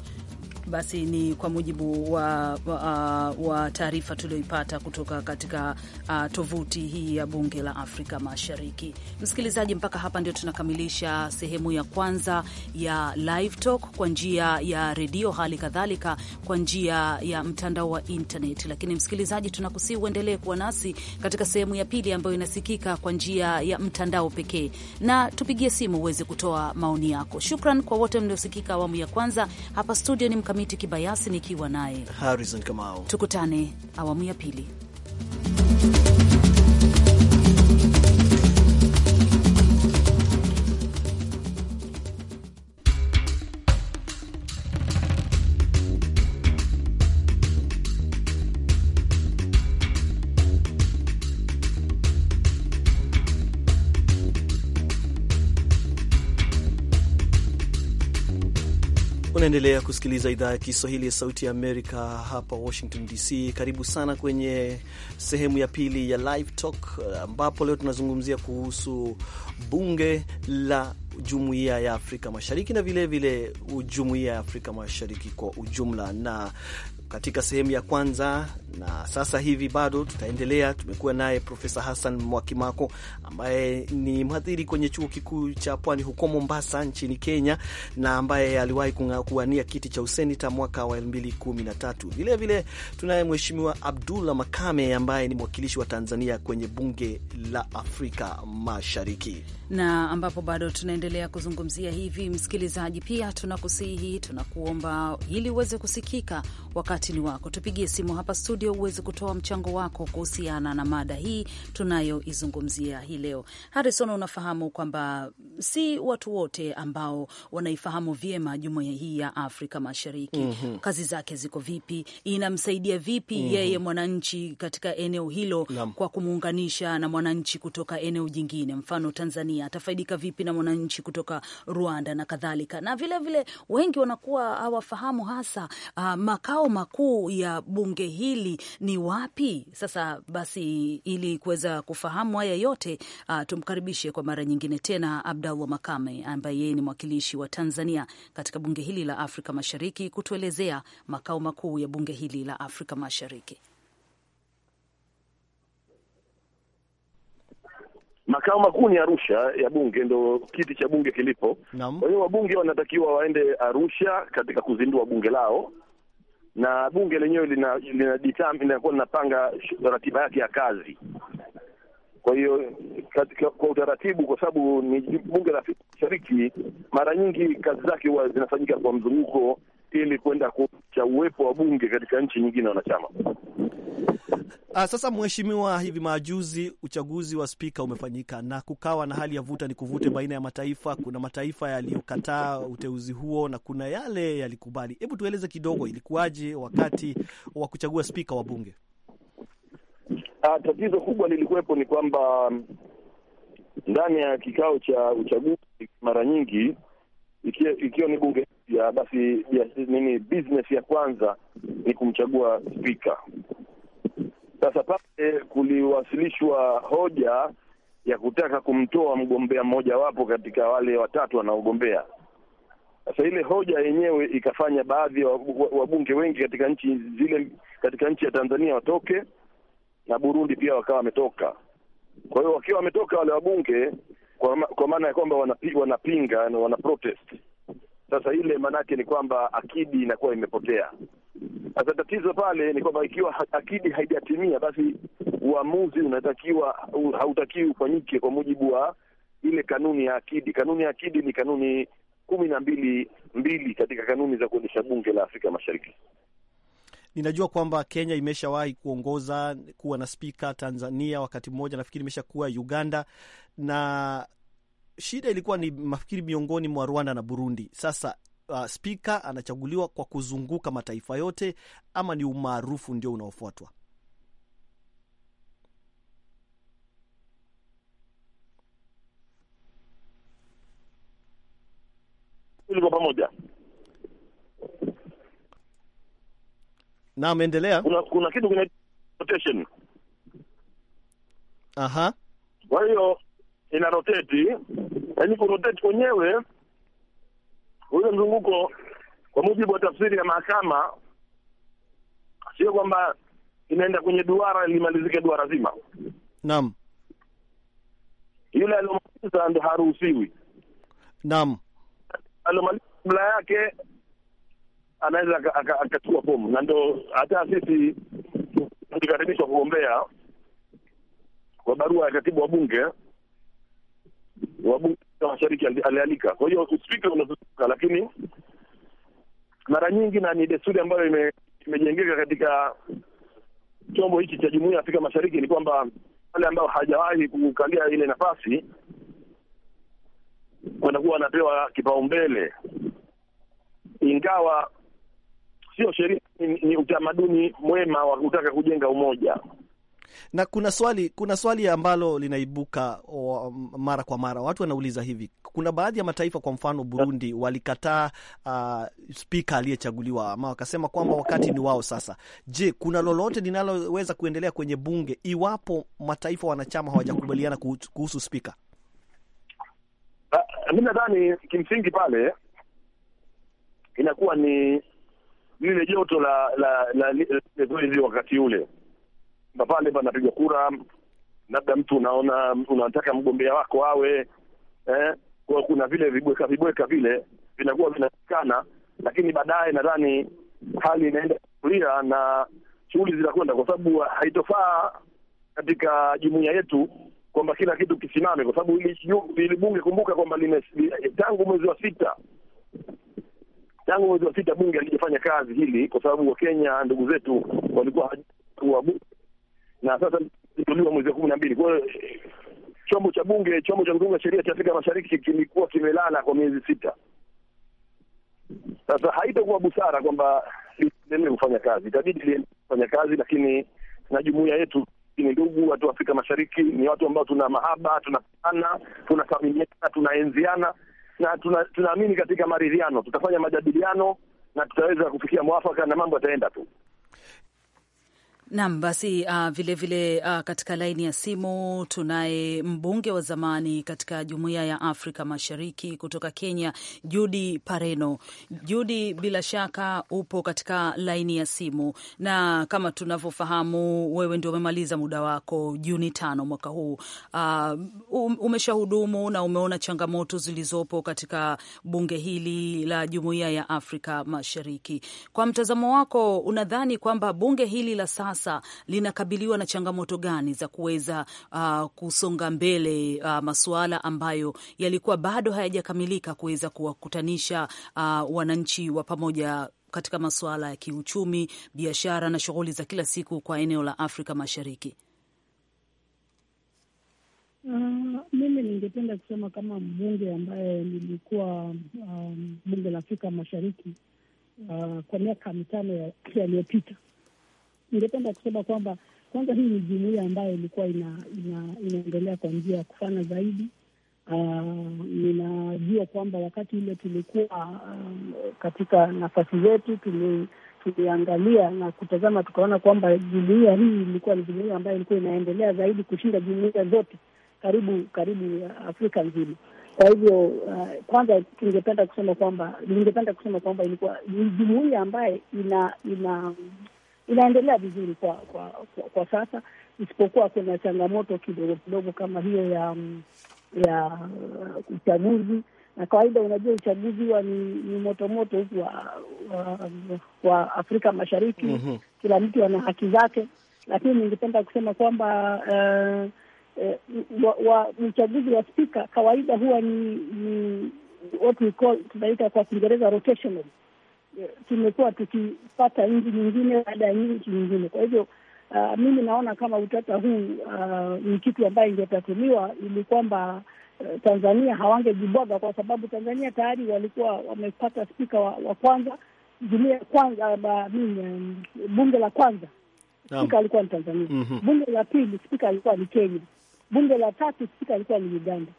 basi ni kwa mujibu wa, wa, wa taarifa tulioipata kutoka katika uh, tovuti hii ya Bunge la Afrika Mashariki. Msikilizaji, mpaka hapa ndio tunakamilisha sehemu ya kwanza ya Live Talk kwa njia ya redio, hali kadhalika kwa njia ya mtandao wa internet. Lakini msikilizaji, tunakusii uendelee kuwa nasi katika sehemu ya pili ambayo inasikika kwa njia ya mtandao pekee, na tupigie simu uweze kutoa maoni yako. Shukran kwa wote mliosikika awamu ya kwanza hapa studio. Ni Mkamiti Kibayasi nikiwa naye Harrison Kamau. Tukutane awamu ya pili. Unaendelea kusikiliza idhaa ya Kiswahili ya Sauti ya Amerika hapa Washington DC. Karibu sana kwenye sehemu ya pili ya Live Talk ambapo leo tunazungumzia kuhusu bunge la Jumuiya ya Afrika Mashariki na vilevile Jumuiya ya Afrika Mashariki kwa ujumla, na katika sehemu ya kwanza, na sasa hivi bado tutaendelea. Tumekuwa naye Profesa Hassan Mwakimako ambaye ni mhadhiri kwenye chuo kikuu cha Pwani huko Mombasa nchini Kenya, na ambaye aliwahi kuwania kiti cha usenita mwaka wa 2013. Vilevile tunaye Mheshimiwa Abdullah Makame ambaye ni mwakilishi wa Tanzania kwenye bunge la Afrika Mashariki na ambapo bado tunaendelea kuzungumzia hivi. Msikilizaji, pia tunakusihi, tunakuomba ili uweze kusikika, wakati ni wako, tupigie simu hapa studio uweze kutoa mchango wako kuhusiana na mada hii tunayoizungumzia hii leo. Harrison, unafahamu kwamba si watu wote ambao wanaifahamu vyema jumuiya hii ya Afrika Mashariki. mm -hmm. Kazi zake ziko vipi? Inamsaidia vipi mm -hmm. yeye mwananchi katika eneo hilo Lam. kwa kumuunganisha na mwananchi kutoka eneo jingine, mfano Tanzania Tanzania atafaidika vipi na mwananchi kutoka Rwanda na kadhalika. Na vilevile vile, wengi wanakuwa hawafahamu hasa uh, makao makuu ya bunge hili ni wapi. Sasa basi, ili kuweza kufahamu haya yote uh, tumkaribishe kwa mara nyingine tena Abdallah Makame ambaye yeye ni mwakilishi wa Tanzania katika bunge hili la Afrika Mashariki kutuelezea makao makuu ya bunge hili la Afrika Mashariki. makao makuu ni Arusha ya bunge, ndo kiti cha bunge kilipo. Kwa hiyo wabunge wanatakiwa waende Arusha katika kuzindua bunge lao, na bunge lenyewe lina linakuwa linapanga ratiba yake ya kazi. Kwa hiyo kwa utaratibu, kwa sababu ni bunge la Afrika Mashariki, mara nyingi kazi zake huwa zinafanyika kwa mzunguko, ili kwenda kucha uwepo wa bunge katika nchi nyingine wanachama. Ah, sasa mheshimiwa, hivi majuzi uchaguzi wa spika umefanyika na kukawa na hali ya vuta ni kuvute baina ya mataifa. Kuna mataifa yaliyokataa uteuzi huo na kuna yale yalikubali. Hebu tueleze kidogo, ilikuwaje wakati wa kuchagua spika wa bunge? Ah, tatizo kubwa lilikuwepo ni kwamba um, ndani ya kikao cha uchaguzi mara nyingi ikiwa, iki ni bunge ya basi ya, nini business ya kwanza ni kumchagua spika sasa pale kuliwasilishwa hoja ya kutaka kumtoa mgombea mmojawapo katika wale watatu wanaogombea. Sasa ile hoja yenyewe ikafanya baadhi ya wabunge wengi katika nchi zile, katika nchi ya Tanzania watoke na Burundi pia wakawa wametoka. Kwa hiyo wakiwa wametoka wale wabunge, kwa, kwa maana ya kwamba wanapinga na wana protest. Sasa ile maanake ni kwamba akidi inakuwa imepotea. Sasa tatizo pale ni kwamba ikiwa akidi haijatimia, basi uamuzi unatakiwa hautakiwi ufanyike kwa mujibu wa ile kanuni ya akidi. Kanuni ya akidi ni kanuni kumi na mbili mbili katika kanuni za kuendesha bunge la Afrika Mashariki. Ninajua kwamba Kenya imeshawahi kuongoza kuwa na spika, Tanzania wakati mmoja nafikiri imeshakuwa, Uganda na shida ilikuwa ni mafikiri miongoni mwa Rwanda na Burundi. Sasa uh, spika anachaguliwa kwa kuzunguka mataifa yote ama ni umaarufu ndio unaofuatwa? Tuko pamoja. Naam, Kuna, kuna kitu kwenye rotation. Aha. Kwa hiyo ina rotate, yaani kurotate kwenyewe huyo mzunguko kwa mujibu wa tafsiri ya mahakama, sio kwamba inaenda kwenye duara limalizike duara zima. Naam, yule aliomaliza ndo haruhusiwi. Naam, aliomaliza kabla yake anaweza akachukua fomu, na ndo hata sisi tukikaribishwa kugombea kwa barua ya katibu wa bunge wabunge Mashariki alialika. Kwa hiyo uspika unazunguka, lakini mara nyingi na ni desturi ambayo ime, imejengeka katika chombo hichi cha Jumuiya ya Afrika Mashariki ni kwamba wale ambao hajawahi kukalia ile nafasi wanakuwa wanapewa kipaumbele, ingawa sio sheria, ni, ni utamaduni mwema wa kutaka kujenga umoja. Na kuna swali, kuna swali ambalo linaibuka mara kwa mara, watu wanauliza hivi, kuna baadhi ya mataifa, kwa mfano Burundi, walikataa uh, spika aliyechaguliwa ama wakasema kwamba wakati ni wao sasa. Je, kuna lolote linaloweza kuendelea kwenye bunge iwapo mataifa wanachama hawajakubaliana kuhusu spika? Mi nadhani kimsingi pale inakuwa ni lile joto la la, la, la, la, la, la, la, la, la, la wakati ule na pale panapiga kura, labda mtu unaona unataka mgombea wako awe eh, kwa kuna vile vibweka vibweka vile vinakuwa vinatikana, lakini baadaye nadhani hali inaenda kulia na shughuli zinakwenda, kwa sababu haitofaa katika jumuiya yetu kwamba kila kitu kisimame, kwa sababu ili bunge kumbuka kwamba tangu mwezi wa sita tangu mwezi wa sita bunge alijofanya kazi hili, kwa sababu Wakenya ndugu zetu walikuwa wa bunge na sasa iliuliwa mwezi wa kumi na mbili. Kwa hiyo chombo cha bunge, chombo cha kutunga sheria cha Afrika Mashariki kimekuwa kimelala kwa miezi sita sasa. Haitakuwa busara kwamba liendelee kufanya kazi, itabidi liendelee kufanya kazi, lakini na jumuiya yetu ni ndugu, watu wa Afrika Mashariki ni watu ambao tuna mahaba, tunapana, tuna tunaenziana na tunaamini tuna katika maridhiano, tutafanya majadiliano na tutaweza kufikia mwafaka na mambo yataenda tu. Nam basi uh, ah, vilevile uh, ah, katika laini ya simu tunaye mbunge wa zamani katika jumuiya ya Afrika Mashariki kutoka Kenya, Judi Pareno. Judi, bila shaka upo katika laini ya simu, na kama tunavyofahamu, wewe ndio umemaliza muda wako Juni tano mwaka huu. Uh, umeshahudumu na umeona changamoto zilizopo katika bunge hili la jumuiya ya Afrika Mashariki. Kwa mtazamo wako, unadhani kwamba bunge hili la sasa sasa linakabiliwa na changamoto gani za kuweza uh, kusonga mbele uh, masuala ambayo yalikuwa bado hayajakamilika kuweza kuwakutanisha uh, wananchi wa pamoja katika masuala ya kiuchumi, biashara na shughuli za kila siku kwa eneo la Afrika Mashariki? Uh, mimi ningependa kusema kama mbunge ambaye nilikuwa um, bunge la Afrika Mashariki uh, kwa miaka mitano yaliyopita ya ningependa kusema kwamba kwanza hii ni jumuia ambayo ilikuwa ina, ina, inaendelea kwa njia ya kufana zaidi. Uh, ninajua kwamba wakati ule tulikuwa um, katika nafasi zetu tuli, tuliangalia na kutazama tukaona kwamba jumuia hii ilikuwa ni jumuia ambayo ilikuwa inaendelea zaidi kushinda jumuia zote karibu karibu Afrika nzima. Kwa hivyo uh, kwanza tungependa kusema kwamba ningependa kusema kwamba ilikuwa ni jumuia ambaye ina, ina inaendelea vizuri kwa kwa, kwa, kwa sasa, isipokuwa kuna changamoto kidogo kidogo kama hiyo ya mm, ya uchaguzi. Na kawaida, unajua uchaguzi huwa ni, ni motomoto huku wa, wa, wa Afrika Mashariki mm -hmm. Kila mtu ana haki zake, lakini ningependa kusema kwamba uh, uchaguzi uh, wa, wa spika kawaida huwa ni, ni what we call tunaita kwa Kiingereza rotational tumekuwa tukipata nchi nyingine baada ya nchi nyingine. Kwa hivyo uh, mimi naona kama utata huu uh, ni kitu ambayo ingetatuliwa ili kwamba uh, Tanzania hawangejibwaga, kwa sababu Tanzania tayari walikuwa wamepata spika wa, wa kwanza jumuia ya kwanza ba, um, bunge la kwanza spika alikuwa ni Tanzania. mm -hmm. Bunge la pili spika alikuwa ni Kenya. Bunge la tatu spika alikuwa ni Uganda.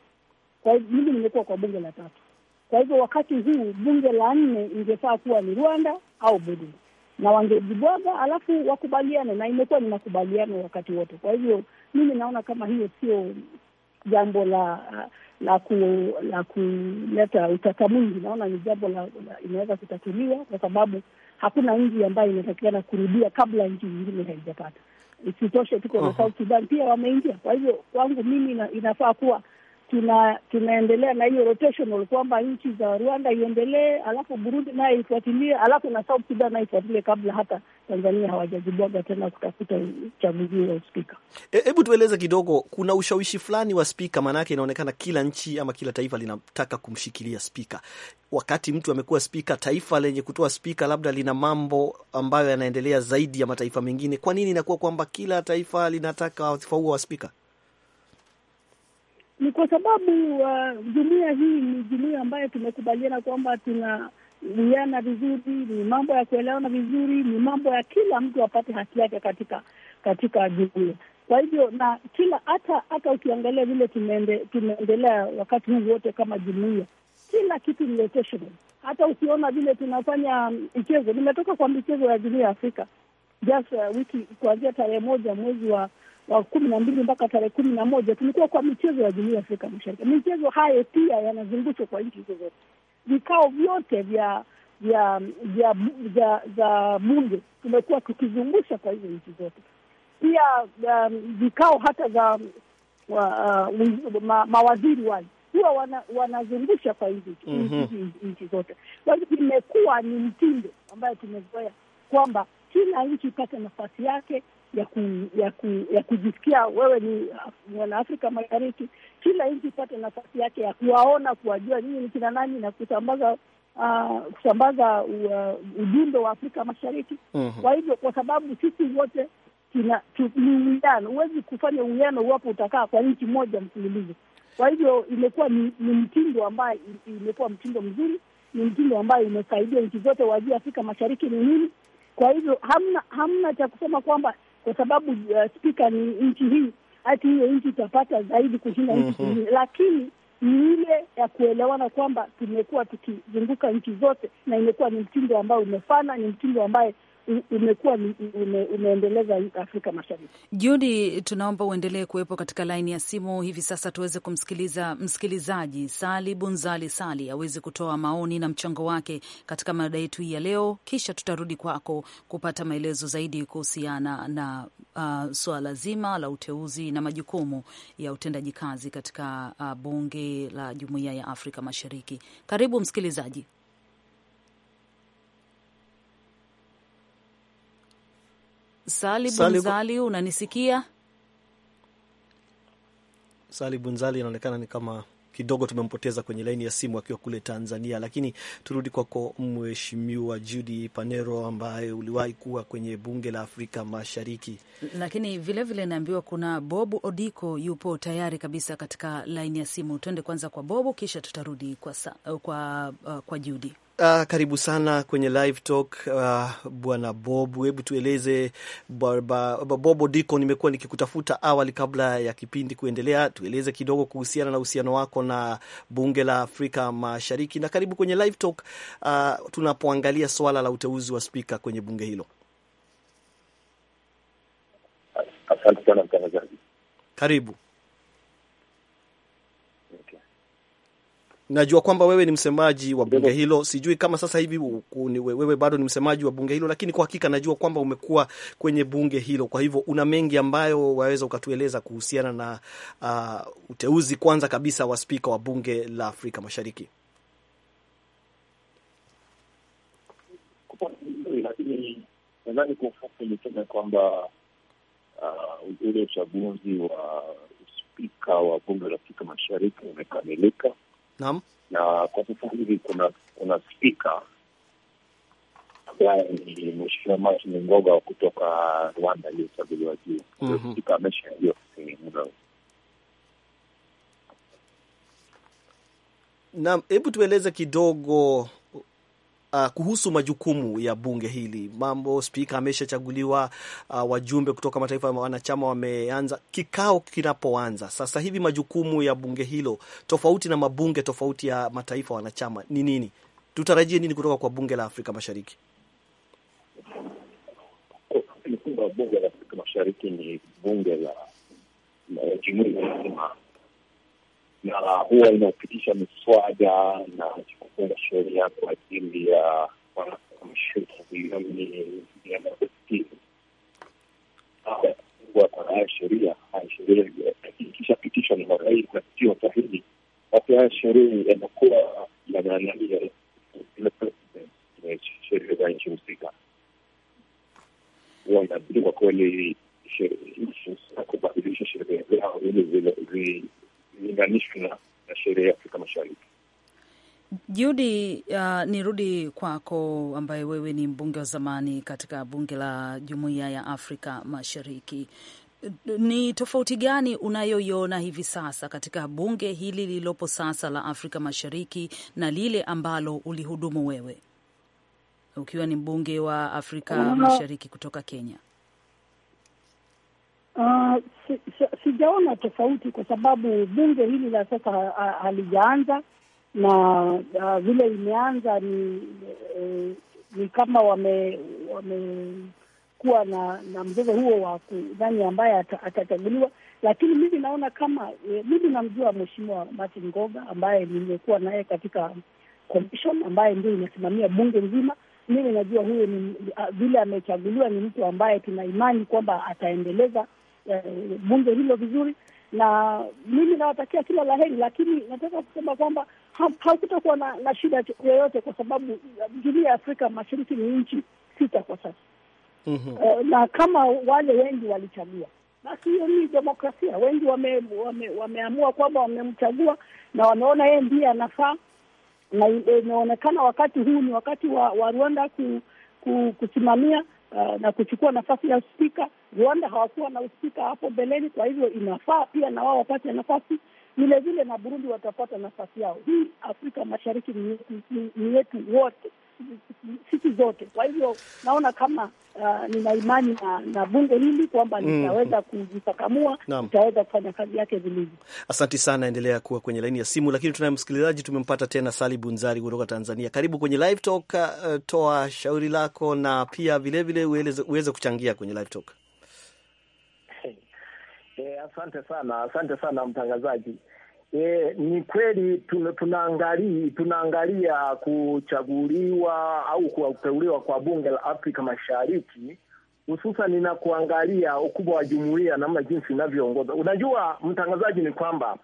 Kwa hiyo mimi nimekuwa kwa bunge la tatu. Kwa hivyo wakati huu bunge la nne ingefaa kuwa ni Rwanda au Burundi, na wangejibwaga alafu wakubaliane, na imekuwa ni makubaliano wakati wote. Kwa hivyo mimi naona kama hiyo sio jambo la la ku, la kuleta utata mwingi. Naona ni jambo la, la inaweza kutatuliwa kwa sababu hakuna nchi ambayo inatakikana kurudia kabla nchi nyingine haijapata. Isitoshe tuko na South Sudan pia wameingia. Kwa hivyo kwangu mimi inafaa kuwa tuna tunaendelea na hiyo rotational kwamba nchi za Rwanda iendelee, alafu Burundi naye ifuatilie, alafu na South Sudan naye ifuatilie, kabla hata Tanzania hawajajibwaga tena kutafuta uchaguzi wa spika e, Hebu e, tueleze kidogo, kuna ushawishi fulani wa spika? Maanake inaonekana kila nchi ama kila taifa linataka kumshikilia spika. Wakati mtu amekuwa spika, taifa lenye kutoa spika labda lina mambo ambayo yanaendelea zaidi ya mataifa mengine. Kwa nini inakuwa kwamba kila taifa linataka wadhifa huo wa spika? ni kwa sababu uh, jumuia hii ni jumuia ambayo tumekubaliana kwamba tuna wiana vizuri, ni mambo ya kuelewana vizuri, ni mambo ya kila mtu apate haki yake katika katika jumuia. Kwa hivyo na kila hata hata ukiangalia vile tumeende, tumeendelea wakati huu wote kama jumuia, kila kitu ni rotational. Hata ukiona vile tunafanya michezo, nimetoka kwa michezo ya jumuia ya Afrika just uh, wiki kuanzia tarehe moja mwezi wa wa kumi na mbili mpaka tarehe kumi na moja tulikuwa kwa michezo ya jumuia ya Afrika Mashariki. Michezo hayo pia yanazungushwa kwa nchi hizo zote. Vikao vyote vya vya vya za bunge tumekuwa tukizungusha kwa hizo nchi zote, pia um, vikao hata za wa, uh, ma, mawaziri wale huwa wana, wanazungusha kwa hizi nchi mm -hmm. zote. Kwa hiyo imekuwa ni mtindo ambayo tumezoea kwamba kila nchi ipate nafasi yake ya ku, ya, ku, ya kujisikia wewe ni mwanaafrika Mashariki. Kila nchi ipate nafasi yake ya kuwaona, kuwajua nyinyi ni kina nani na kusambaza ah, Uh, kusambaza ujumbe uh, wa Afrika Mashariki mm -hmm. Kwa hivyo kwa sababu sisi wote ni uwiano, huwezi kufanya uwiano iwapo utakaa kwa nchi moja mfululizo. Kwa hivyo imekuwa ni, ni mtindo ambaye imekuwa mtindo mzuri, ni mtindo ambaye imesaidia nchi zote wajue Afrika Mashariki ni nini. Kwa hivyo hamna hamna cha kusema kwamba kwa sababu uh, spika ni nchi hii, hati hiyo nchi itapata zaidi kushinda nchi mhm. zingine mm -hmm. Lakini ni ile ya kuelewana kwamba tumekuwa tukizunguka nchi zote na imekuwa ni mtindo ambao umefana, ni mtindo ambaye umekuwa ume, umeendeleza Afrika Mashariki. judi tunaomba uendelee kuwepo katika laini ya simu hivi sasa tuweze kumsikiliza msikilizaji Sali Bunzali Sali aweze kutoa maoni na mchango wake katika mada yetu hii ya leo, kisha tutarudi kwako kupata maelezo zaidi kuhusiana na uh, suala zima la uteuzi na majukumu ya utendaji kazi katika uh, bunge la Jumuiya ya Afrika Mashariki. Karibu msikilizaji. Sali Bunzali, unanisikia? Sali Bunzali inaonekana ni kama kidogo tumempoteza kwenye laini ya simu akiwa kule Tanzania, lakini turudi kwako Mheshimiwa Judy Panero ambaye uliwahi kuwa kwenye bunge la Afrika Mashariki. Lakini vilevile inaambiwa kuna Bobu Odiko yupo tayari kabisa katika laini ya simu. Tuende kwanza kwa Bobu, kisha tutarudi kwa, kwa, uh, kwa Judy. Uh, karibu sana kwenye live talk uh, bwana Bob, hebu tueleze Bob Odiko, nimekuwa nikikutafuta awali kabla ya kipindi kuendelea. Tueleze kidogo kuhusiana na uhusiano wako na bunge la Afrika Mashariki, na karibu kwenye live talk uh, tunapoangalia swala la uteuzi wa spika kwenye bunge hilo. Asante sana mtangazaji, karibu. najua kwamba wewe ni msemaji wa bunge hilo, sijui kama sasa hivi wewe bado ni msemaji wa bunge hilo, lakini kwa hakika najua kwamba umekuwa kwenye bunge hilo. Kwa hivyo una mengi ambayo waweza ukatueleza kuhusiana na uh, uteuzi kwanza kabisa wa spika wa bunge la Afrika Mashariki. nadhani kwa ufupi niseme kwamba ah, ule uchaguzi wa spika wa bunge la Afrika Mashariki umekamilika. Naam. Na kwa sasa hivi kuna kuna spika ambaye ni Mheshimiwa Martin Ngoga kutoka Rwanda aliyechaguliwa juu. mm -hmm. Spika ameshaingia ofisini muda Naam, hebu tueleze kidogo uh, kuhusu majukumu ya bunge hili. Mambo spika ameshachaguliwa, uh, wajumbe kutoka mataifa ya wanachama wameanza kikao. Kinapoanza sasa hivi, majukumu ya bunge hilo tofauti na mabunge tofauti ya mataifa wanachama ni nini? Tutarajie nini kutoka kwa bunge la Afrika Mashariki? Bunge la Afrika Mashariki ni bunge la jumuiya nzima na huwa inapitisha miswada na kufunga sheria kwa ajili ya haya sheria haya sheria ikishapitishwa na marais na kutiwa sahihi, basi haya sheria yanakuwa yanaangalia sheria za nchi husika. Huwa inabidi kwa kweli kubadilisha sheria zao ili linganishwi na sheria ya Afrika Mashariki. Judi, uh, nirudi kwako ambaye wewe ni mbunge wa zamani katika bunge la Jumuiya ya Afrika Mashariki. Ni tofauti gani unayoiona hivi sasa katika bunge hili lililopo sasa la Afrika Mashariki na lile ambalo ulihudumu wewe ukiwa ni mbunge wa Afrika uh, Mashariki kutoka Kenya? Uh, si, si, sijaona tofauti, kwa sababu bunge hili la sasa halijaanza na a, uh, vile imeanza ni e, ni kama wame wamekuwa na na mzozo huo wa nani ambaye atachaguliwa, lakini mimi naona kama e, mimi namjua Mheshimiwa Martin Ngoga ambaye nimekuwa naye katika commission ambaye ndio inasimamia bunge nzima. Mimi najua huyo ni uh, vile amechaguliwa, ni mtu ambaye tuna imani kwamba ataendeleza Eh, bunge hilo vizuri, na mimi nawatakia kila la heri, lakini nataka kusema kwamba hakutakuwa na, na shida yoyote kwa sababu jumuiya ya Afrika Mashariki ni nchi sita kwa sasa. Mm -hmm. Uh, na kama wale wengi walichagua, basi hiyo ni demokrasia. Wengi wame, wame, wameamua kwamba wamemchagua na wameona yeye ndiye anafaa, na imeonekana wakati huu ni wakati wa, wa Rwanda ku, ku, kusimamia uh, na kuchukua nafasi ya spika Rwanda hawakuwa na uspika hapo mbeleni, kwa hivyo inafaa pia na wao wapate nafasi vilevile, na Burundi watapata nafasi yao. Hii Afrika Mashariki ni yetu wote, sisi zote. Kwa hivyo naona kama uh, nina imani na, na bunge hili kwamba mm-hmm. litaweza mm, kujisakamua litaweza kufanya kazi yake vilivyo. Asante sana, endelea kuwa kwenye laini ya simu. Lakini tunaye msikilizaji, tumempata tena, Sali Bunzari kutoka Tanzania. Karibu kwenye Live Talk. Uh, toa shauri lako na pia vilevile uweze kuchangia kwenye Live Talk. E, asante sana, asante sana mtangazaji. E, ni kweli tunaangalia tunaangalia kuchaguliwa au kuteuliwa kwa bunge la Afrika Mashariki hususan na kuangalia ukubwa wa jumuiya namna jinsi inavyoongoza. Unajua mtangazaji, ni kwamba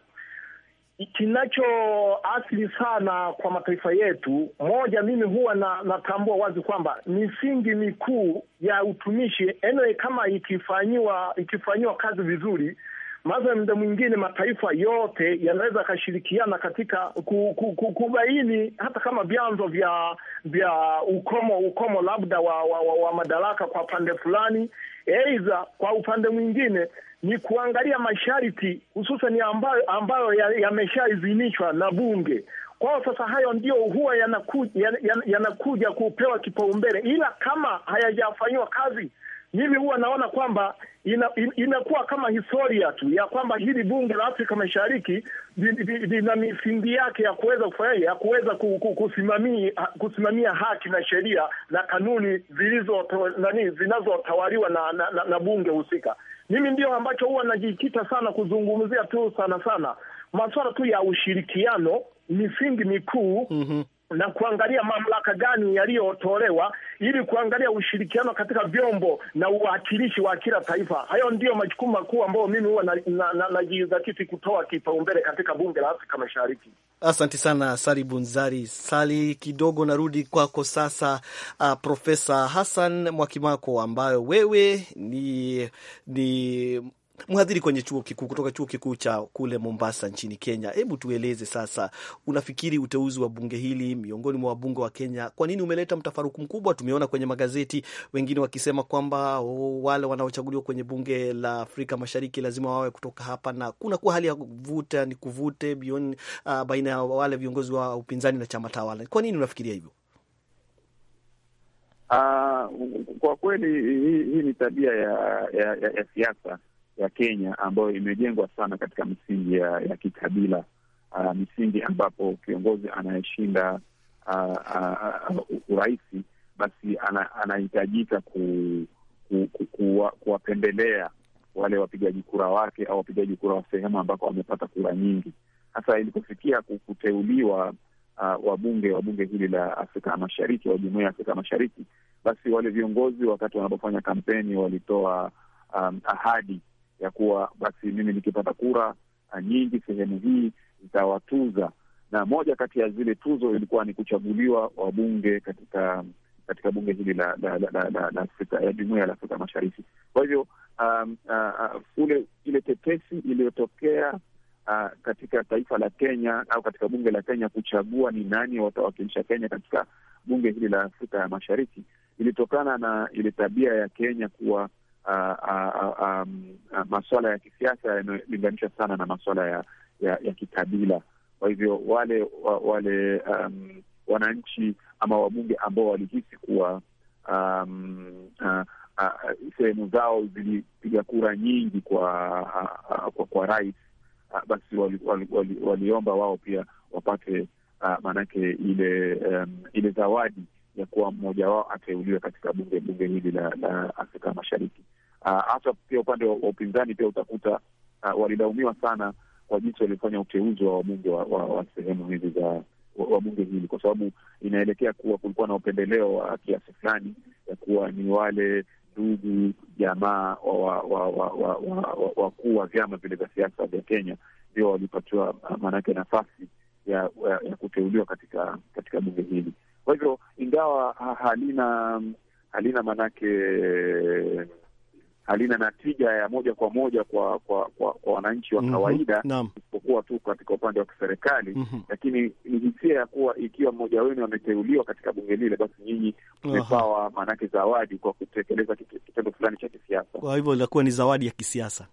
kinachoathiri sana kwa mataifa yetu, moja, mimi huwa na, natambua wazi kwamba misingi mikuu ya utumishi eneo kama ikifanyiwa ikifanyiwa kazi vizuri maza mda mwingine mataifa yote yanaweza yakashirikiana katika ku, ku, ku, kubaini hata kama vyanzo vya vya ukomo ukomo labda wa, wa, wa, wa madaraka kwa pande fulani, aidha kwa upande mwingine ni kuangalia masharti hususan ambayo, ambayo yameshaidhinishwa ya na bunge kwao. Sasa hayo ndio huwa yanakuja, yanakuja kupewa kipaumbele, ila kama hayajafanyiwa kazi, mimi huwa naona kwamba ina, inakuwa kama historia tu ya kwamba hili bunge la Afrika Mashariki lina misingi yake ya kuweza kufanya ya kuweza kusimamia, kusimamia haki na sheria na kanuni zilizo nani zinazotawaliwa na, na, na, na bunge husika. Mimi ndio ambacho huwa najikita sana kuzungumzia tu sana sana masuala tu ya ushirikiano, misingi mikuu mm -hmm na kuangalia mamlaka gani yaliyotolewa ili kuangalia ushirikiano katika vyombo na uwakilishi wa kila taifa. Hayo ndiyo majukumu makuu ambayo mimi huwa najizatiti na, na, kutoa kipaumbele katika bunge la Afrika Mashariki. Asante sana Sali Bunzari. Sali, kidogo narudi kwako sasa. Uh, Profesa Hassan Mwakimako, ambayo wewe ni, ni mhadhiri kwenye chuo kikuu kutoka chuo kikuu cha kule Mombasa nchini Kenya. Hebu tueleze sasa, unafikiri uteuzi wa bunge hili miongoni mwa wabunge wa Kenya kwa nini umeleta mtafaruku mkubwa? Tumeona kwenye magazeti wengine wakisema kwamba oh, wale wanaochaguliwa kwenye bunge la Afrika Mashariki lazima wawe kutoka hapa, na kunakuwa hali ya kuvuta ni kuvute uh, baina ya wale viongozi wa upinzani na chama tawala. Kwa nini unafikiria hivyo? Uh, kwa kweli hii hi, hi ni tabia ya, ya, ya, ya siasa ya Kenya ambayo imejengwa sana katika misingi ya, ya kikabila uh, misingi ambapo kiongozi anayeshinda uh, uh, uh, basi anahitajika ku, ku, ku, ku, ku, wale wapigaji kura wake au wapigaji kura wa sehemu ambako wamepata kura nyingi. Hasa ilipofikia kuteuliwa uh, wabunge wa bunge hili la Afrika Mashariki wa jumuia ya Afrika Mashariki, basi wale viongozi wakati wanapofanya kampeni walitoa um, ahadi ya kuwa basi mimi nikipata kura ah, nyingi sehemu hii zitawatuza, na moja kati ya zile tuzo ilikuwa ni kuchaguliwa wabunge katika katika bunge hili la la la Afrika eh, ya jumuiya la Afrika Mashariki. Kwa hivyo um, uh, uh, ule ile tetesi iliyotokea uh, katika taifa la Kenya au katika bunge la Kenya kuchagua ni nani watawakilisha Kenya katika bunge hili la Afrika ya Mashariki ilitokana na ile tabia ya Kenya kuwa uh, uh, um, uh, masuala ya kisiasa yamelinganishwa sana na masuala ya, ya, ya kikabila. Kwa hivyo wale wa, wale um, wananchi ama wabunge ambao walihisi kuwa um, uh, uh, sehemu zao zilipiga kura nyingi kwa uh, uh, kwa, kwa rais uh, basi waliomba wali, wali, wali wao pia wapate uh, maanake ile um, ile zawadi ya kuwa mmoja wao ateuliwe katika bunge bunge hili la, la Afrika Mashariki. Ah, hata uh, pia upande wa upinzani pia utakuta uh, ah, walilaumiwa sana kwa jinsi waliofanya uteuzi wa wabunge wa, wa, wa sehemu hizi za wabunge hili, kwa sababu inaelekea kuwa kulikuwa na upendeleo wa kiasi fulani ya kuwa ni wale ndugu jamaa wakuu wa, wa vyama vile vya siasa vya Kenya ndio walipatiwa ah, maanake nafasi ya, ya, ya kuteuliwa katika katika bunge hili. Kwa hivyo ingawa halina halina maanake halina na tija ya moja kwa moja kwa kwa, kwa, kwa wananchi wa mhm, kawaida mm -hmm. isipokuwa tu katika upande wa kiserikali mm -hmm. Lakini ni hisia ya kuwa ikiwa mmoja wenu ameteuliwa katika bunge lile, basi nyinyi mmepawa maanake zawadi kwa kutekeleza kitendo fulani cha kisiasa. Kwa hivyo inakuwa ni zawadi ya kisiasa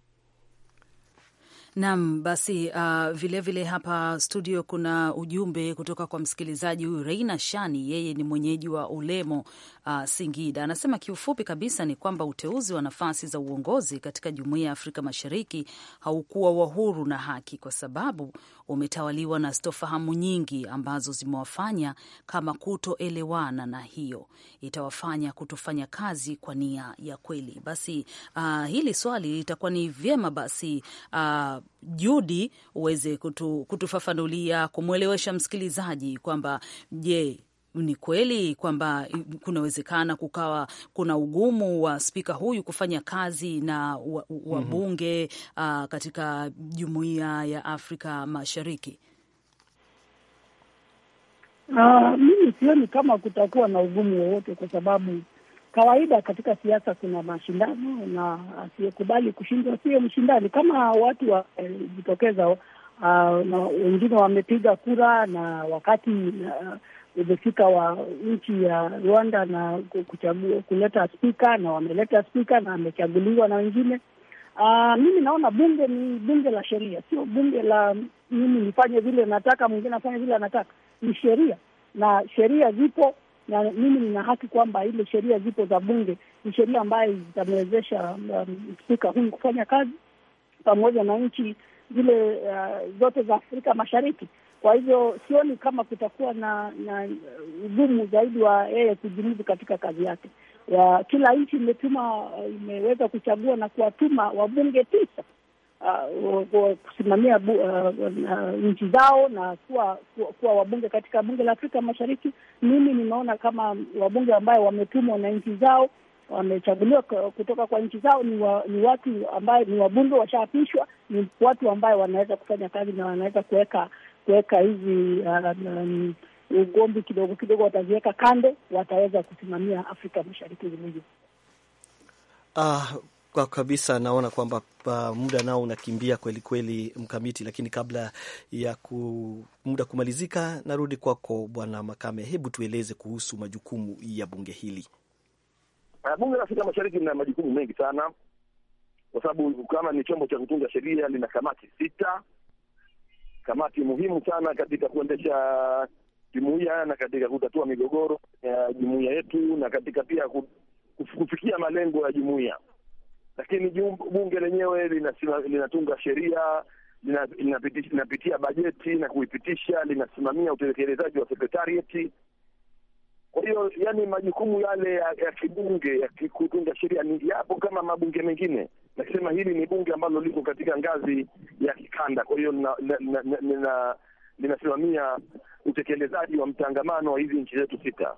nam basi uh, vilevile hapa studio kuna ujumbe kutoka kwa msikilizaji huyu Reina Shani, yeye ni mwenyeji wa Ulemo uh, Singida. Anasema kiufupi kabisa ni kwamba uteuzi wa nafasi za uongozi katika Jumuiya ya Afrika Mashariki haukuwa wa huru na haki, kwa sababu umetawaliwa na sitofahamu nyingi ambazo zimewafanya kama kutoelewana, na hiyo itawafanya kutofanya kazi kwa nia ya kweli. Basi uh, hili swali litakuwa ni vyema basi uh, ah, Judi uweze kutu, kutufafanulia kumwelewesha msikilizaji kwamba je, ni kweli kwamba kunawezekana kukawa kuna ugumu wa spika huyu kufanya kazi na wabunge mhm. mm -hmm. uh, ah, katika jumuiya ya Afrika Mashariki. Uh, mimi sioni kama kutakuwa na ugumu wowote, kwa sababu kawaida katika siasa kuna mashindano, na asiyekubali kushindwa siyo mshindani. Kama watu wamejitokeza, eh, uh, ah, na wengine wamepiga kura na wakati uh, umefika wa nchi ya Rwanda na kuchagua kuleta spika na wameleta spika na amechaguliwa na wengine. Uh, mimi naona bunge ni bunge la sheria, sio bunge la mimi nifanye vile nataka, mwingine afanye vile anataka. Ni sheria na sheria zipo, na mimi nina haki kwamba ile sheria zipo za bunge ni sheria ambayo zitamwezesha um, spika huyu kufanya kazi pamoja na nchi zile uh, zote za Afrika Mashariki kwa hivyo sioni kama kutakuwa na na ugumu zaidi wa yeye kujimudu katika kazi yake. Ya, kila nchi imetuma imeweza kuchagua na kuwatuma wabunge tisa uh, kusimamia uh, uh, nchi zao na kuwa, kuwa, kuwa wabunge katika bunge la Afrika Mashariki. Mimi nimeona kama wabunge ambayo wametumwa na nchi zao wamechaguliwa kutoka kwa nchi zao ni, wa, ni watu ambaye ni wabunge washaapishwa, ni watu ambaye wanaweza kufanya kazi na wanaweza kuweka kuweka hizi um, um ugombi kidogo kidogo, wataziweka kando, wataweza kusimamia Afrika Mashariki vilivyo. Ah, kwa kabisa naona kwamba ah, muda nao unakimbia kweli kweli, Mkamiti, lakini kabla ya ku, muda kumalizika, narudi kwako Bwana Makame, hebu tueleze kuhusu majukumu ya bunge hili. Ah, bunge la Afrika Mashariki lina majukumu mengi sana, kwa sababu kama ni chombo cha kutunga sheria, lina kamati sita kamati muhimu sana katika kuendesha jumuiya na katika kutatua migogoro ya jumuiya yetu na katika pia kufikia malengo ya jumuiya. Lakini bunge lenyewe linatunga sheria, linapitia bajeti na kuipitisha, linasimamia utekelezaji wa sekretarieti kwa hiyo yani, majukumu yale ya, ya kibunge ya kutunga sheria ni yapo kama mabunge mengine. Nasema hili ni bunge ambalo liko katika ngazi ya kikanda, kwa hiyo linasimamia utekelezaji wa mtangamano wa hizi nchi zetu sita.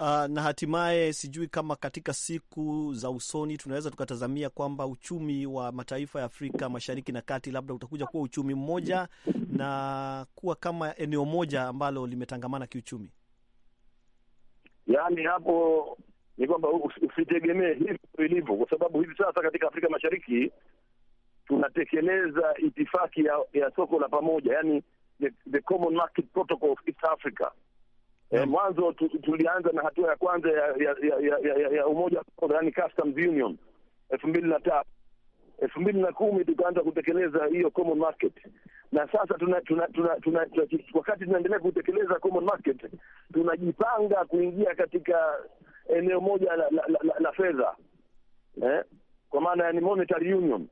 Uh, na hatimaye sijui kama katika siku za usoni tunaweza tukatazamia kwamba uchumi wa mataifa ya Afrika Mashariki na Kati labda utakuja kuwa uchumi mmoja na kuwa kama eneo moja ambalo limetangamana kiuchumi. Yaani hapo ni kwamba usitegemee hivyo ilivyo, kwa sababu hivi sasa katika Afrika Mashariki tunatekeleza itifaki ya, ya soko la pamoja, yani the, the Common Market Protocol of East Africa Yeah. E, mwanzo tulianza na hatua ya kwanza ya, ya, ya, ya, ya, ya umoja yani customs union elfu mbili na tatu elfu mbili na kumi tukaanza kutekeleza hiyo common market na sasa tuna, tuna, tuna, tuna, tuna, tuna, wakati tunaendelea kutekeleza common market tunajipanga kuingia katika eneo moja la, la, la, la, la fedha eh? kwa maana yani monetary union,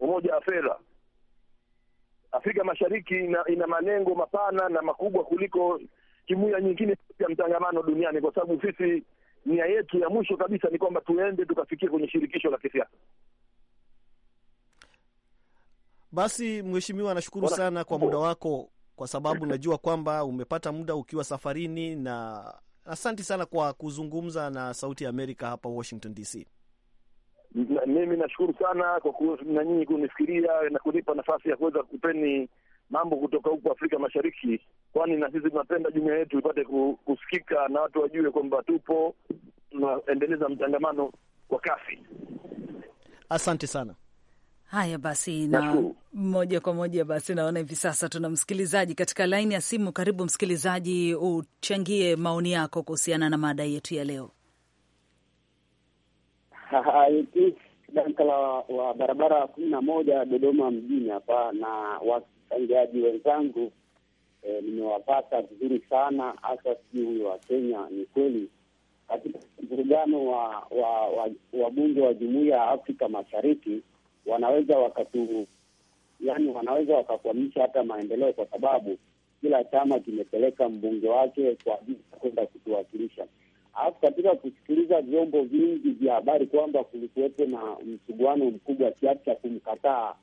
umoja wa fedha. Afrika Mashariki ina, ina malengo mapana na makubwa kuliko jumuiya nyingine ya mtangamano duniani, kwa sababu sisi nia yetu ya mwisho kabisa ni kwamba tuende tukafikia kwenye shirikisho la kisiasa. Basi mheshimiwa, nashukuru sana kwa muda wako, kwa sababu najua kwamba umepata muda ukiwa safarini, na asanti sana kwa kuzungumza na Sauti ya Amerika hapa Washington DC. Mimi nashukuru sana kwa ku, na nyinyi kunifikiria na kunipa nafasi ya kuweza kupeni mambo kutoka huku Afrika Mashariki, kwani na sisi tunapenda jumuiya yetu ipate kusikika na watu wajue kwamba tupo tunaendeleza mtangamano kwa kasi. Asante sana. Haya basi, na moja kwa moja basi, naona hivi sasa tuna msikilizaji katika laini ya simu. Karibu msikilizaji, uchangie maoni yako kuhusiana na mada yetu ya leo. Danka la wa barabara kumi na moja Dodoma mjini hapa na wachangiaji wenzangu eh, nimewapata vizuri sana, hasa sijui huyo wa Kenya. Ni kweli katika mvurugano wa wabunge wa, wa, wa jumuiya ya Afrika Mashariki wanaweza wakatu, yani wanaweza wakakwamisha hata maendeleo, kwa sababu kila chama kimepeleka mbunge wake kwa ajili ya kwenda kutuwakilisha. Alafu katika kusikiliza vyombo vingi vya habari kwamba kulikuwepo na msuguano mkubwa kiasi cha kumkataa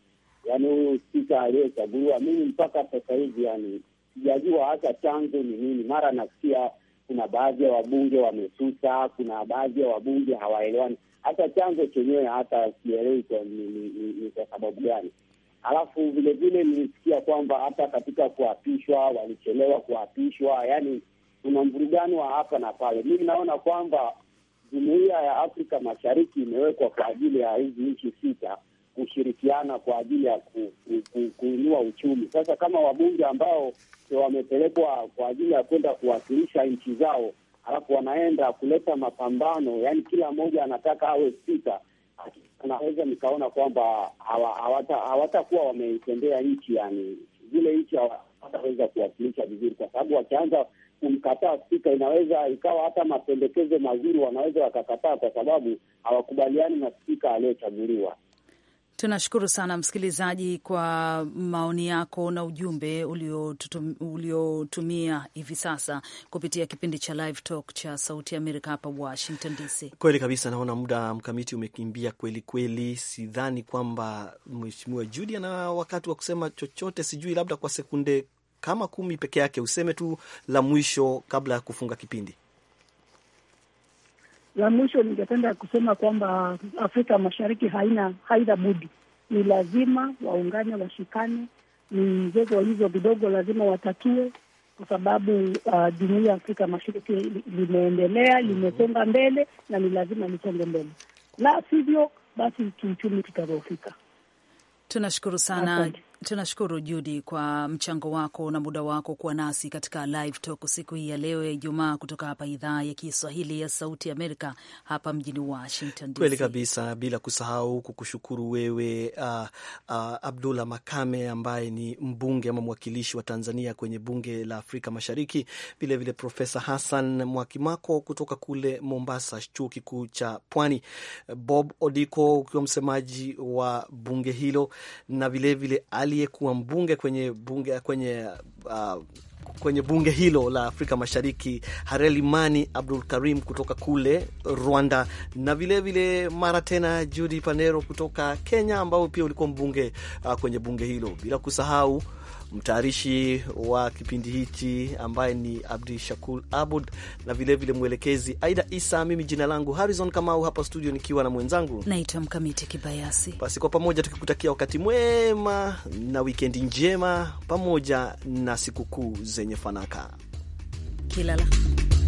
yani huyu spika aliyechaguliwa, mimi mpaka sasa hivi yani sijajua hata chanzo ni nini. Mara nasikia kuna baadhi ya wabunge wamesusa, kuna baadhi ya wabunge hawaelewani, hata chanzo chenyewe hata sielewi ni kwa sababu gani. Alafu vilevile nilisikia kwamba hata katika kuapishwa walichelewa kuapishwa, yani kuna mvurugano wa hapa na pale. Mimi naona kwamba jumuiya ya Afrika Mashariki imewekwa kwa ajili ya hizi nchi sita kushirikiana kwa ajili ya kuinua uchumi. Sasa kama wabunge ambao wamepelekwa kwa ajili ya kwenda kuwakilisha nchi zao, alafu wanaenda kuleta mapambano, yaani kila mmoja anataka awe spika, anaweza nikaona kwamba hawatakuwa hawata wameitendea nchi, yani zile nchi hawataweza kuwakilisha vizuri, kwa sababu wakianza kumkataa spika, inaweza ikawa hata mapendekezo mazuri wanaweza wakakataa, kwa sababu hawakubaliani na spika aliyochaguliwa Tunashukuru sana msikilizaji kwa maoni yako na ujumbe uliotumia hivi sasa kupitia kipindi cha Live Talk cha Sauti Amerika hapa Washington DC. Kweli kabisa, naona muda mkamiti umekimbia kweli kweli. Sidhani kwamba Mheshimiwa Judi ana wakati wa kusema chochote, sijui labda kwa sekunde kama kumi peke yake useme tu la mwisho kabla ya kufunga kipindi. La mwisho ningependa kusema kwamba Afrika Mashariki haina haina budi, ni lazima waungane, washikane. Ni mzozo hizo vidogo lazima watatue, kwa sababu uh, ya Afrika Mashariki limeendelea, limesonga mbele na ni lazima lisonge mbele, la sivyo basi kiuchumi tutadhoofika. Tunashukuru sana Asante. Tunashukuru Judi kwa mchango wako na muda wako kuwa nasi katika live talk siku hii ya leo ya Ijumaa kutoka hapa idhaa ya Kiswahili ya Sauti Amerika hapa mjini Washington DC. Kweli kabisa, bila kusahau kukushukuru wewe uh, uh, Abdullah Makame ambaye ni mbunge ama mwakilishi wa Tanzania kwenye bunge la Afrika Mashariki, vilevile Profesa Hassan Mwakimako kutoka kule Mombasa, chuo kikuu cha Pwani, Bob Odiko ukiwa msemaji wa bunge hilo na vilevile vile aliyekuwa mbunge kwenye bunge, kwenye uh, kwenye bunge hilo la Afrika Mashariki Harelimani Abdul Karim kutoka kule Rwanda, na vilevile mara tena judi Panero kutoka Kenya, ambao pia ulikuwa mbunge uh, kwenye bunge hilo, bila kusahau Mtayarishi wa kipindi hichi ambaye ni Abdi Shakur Abud na vilevile mwelekezi Aida Isa. Mimi jina langu Harrison Kamau, hapa studio nikiwa na mwenzangu naitwa Mkamiti Kibayasi. Basi kwa pamoja tukikutakia wakati mwema na wikendi njema pamoja na sikukuu zenye fanaka kila la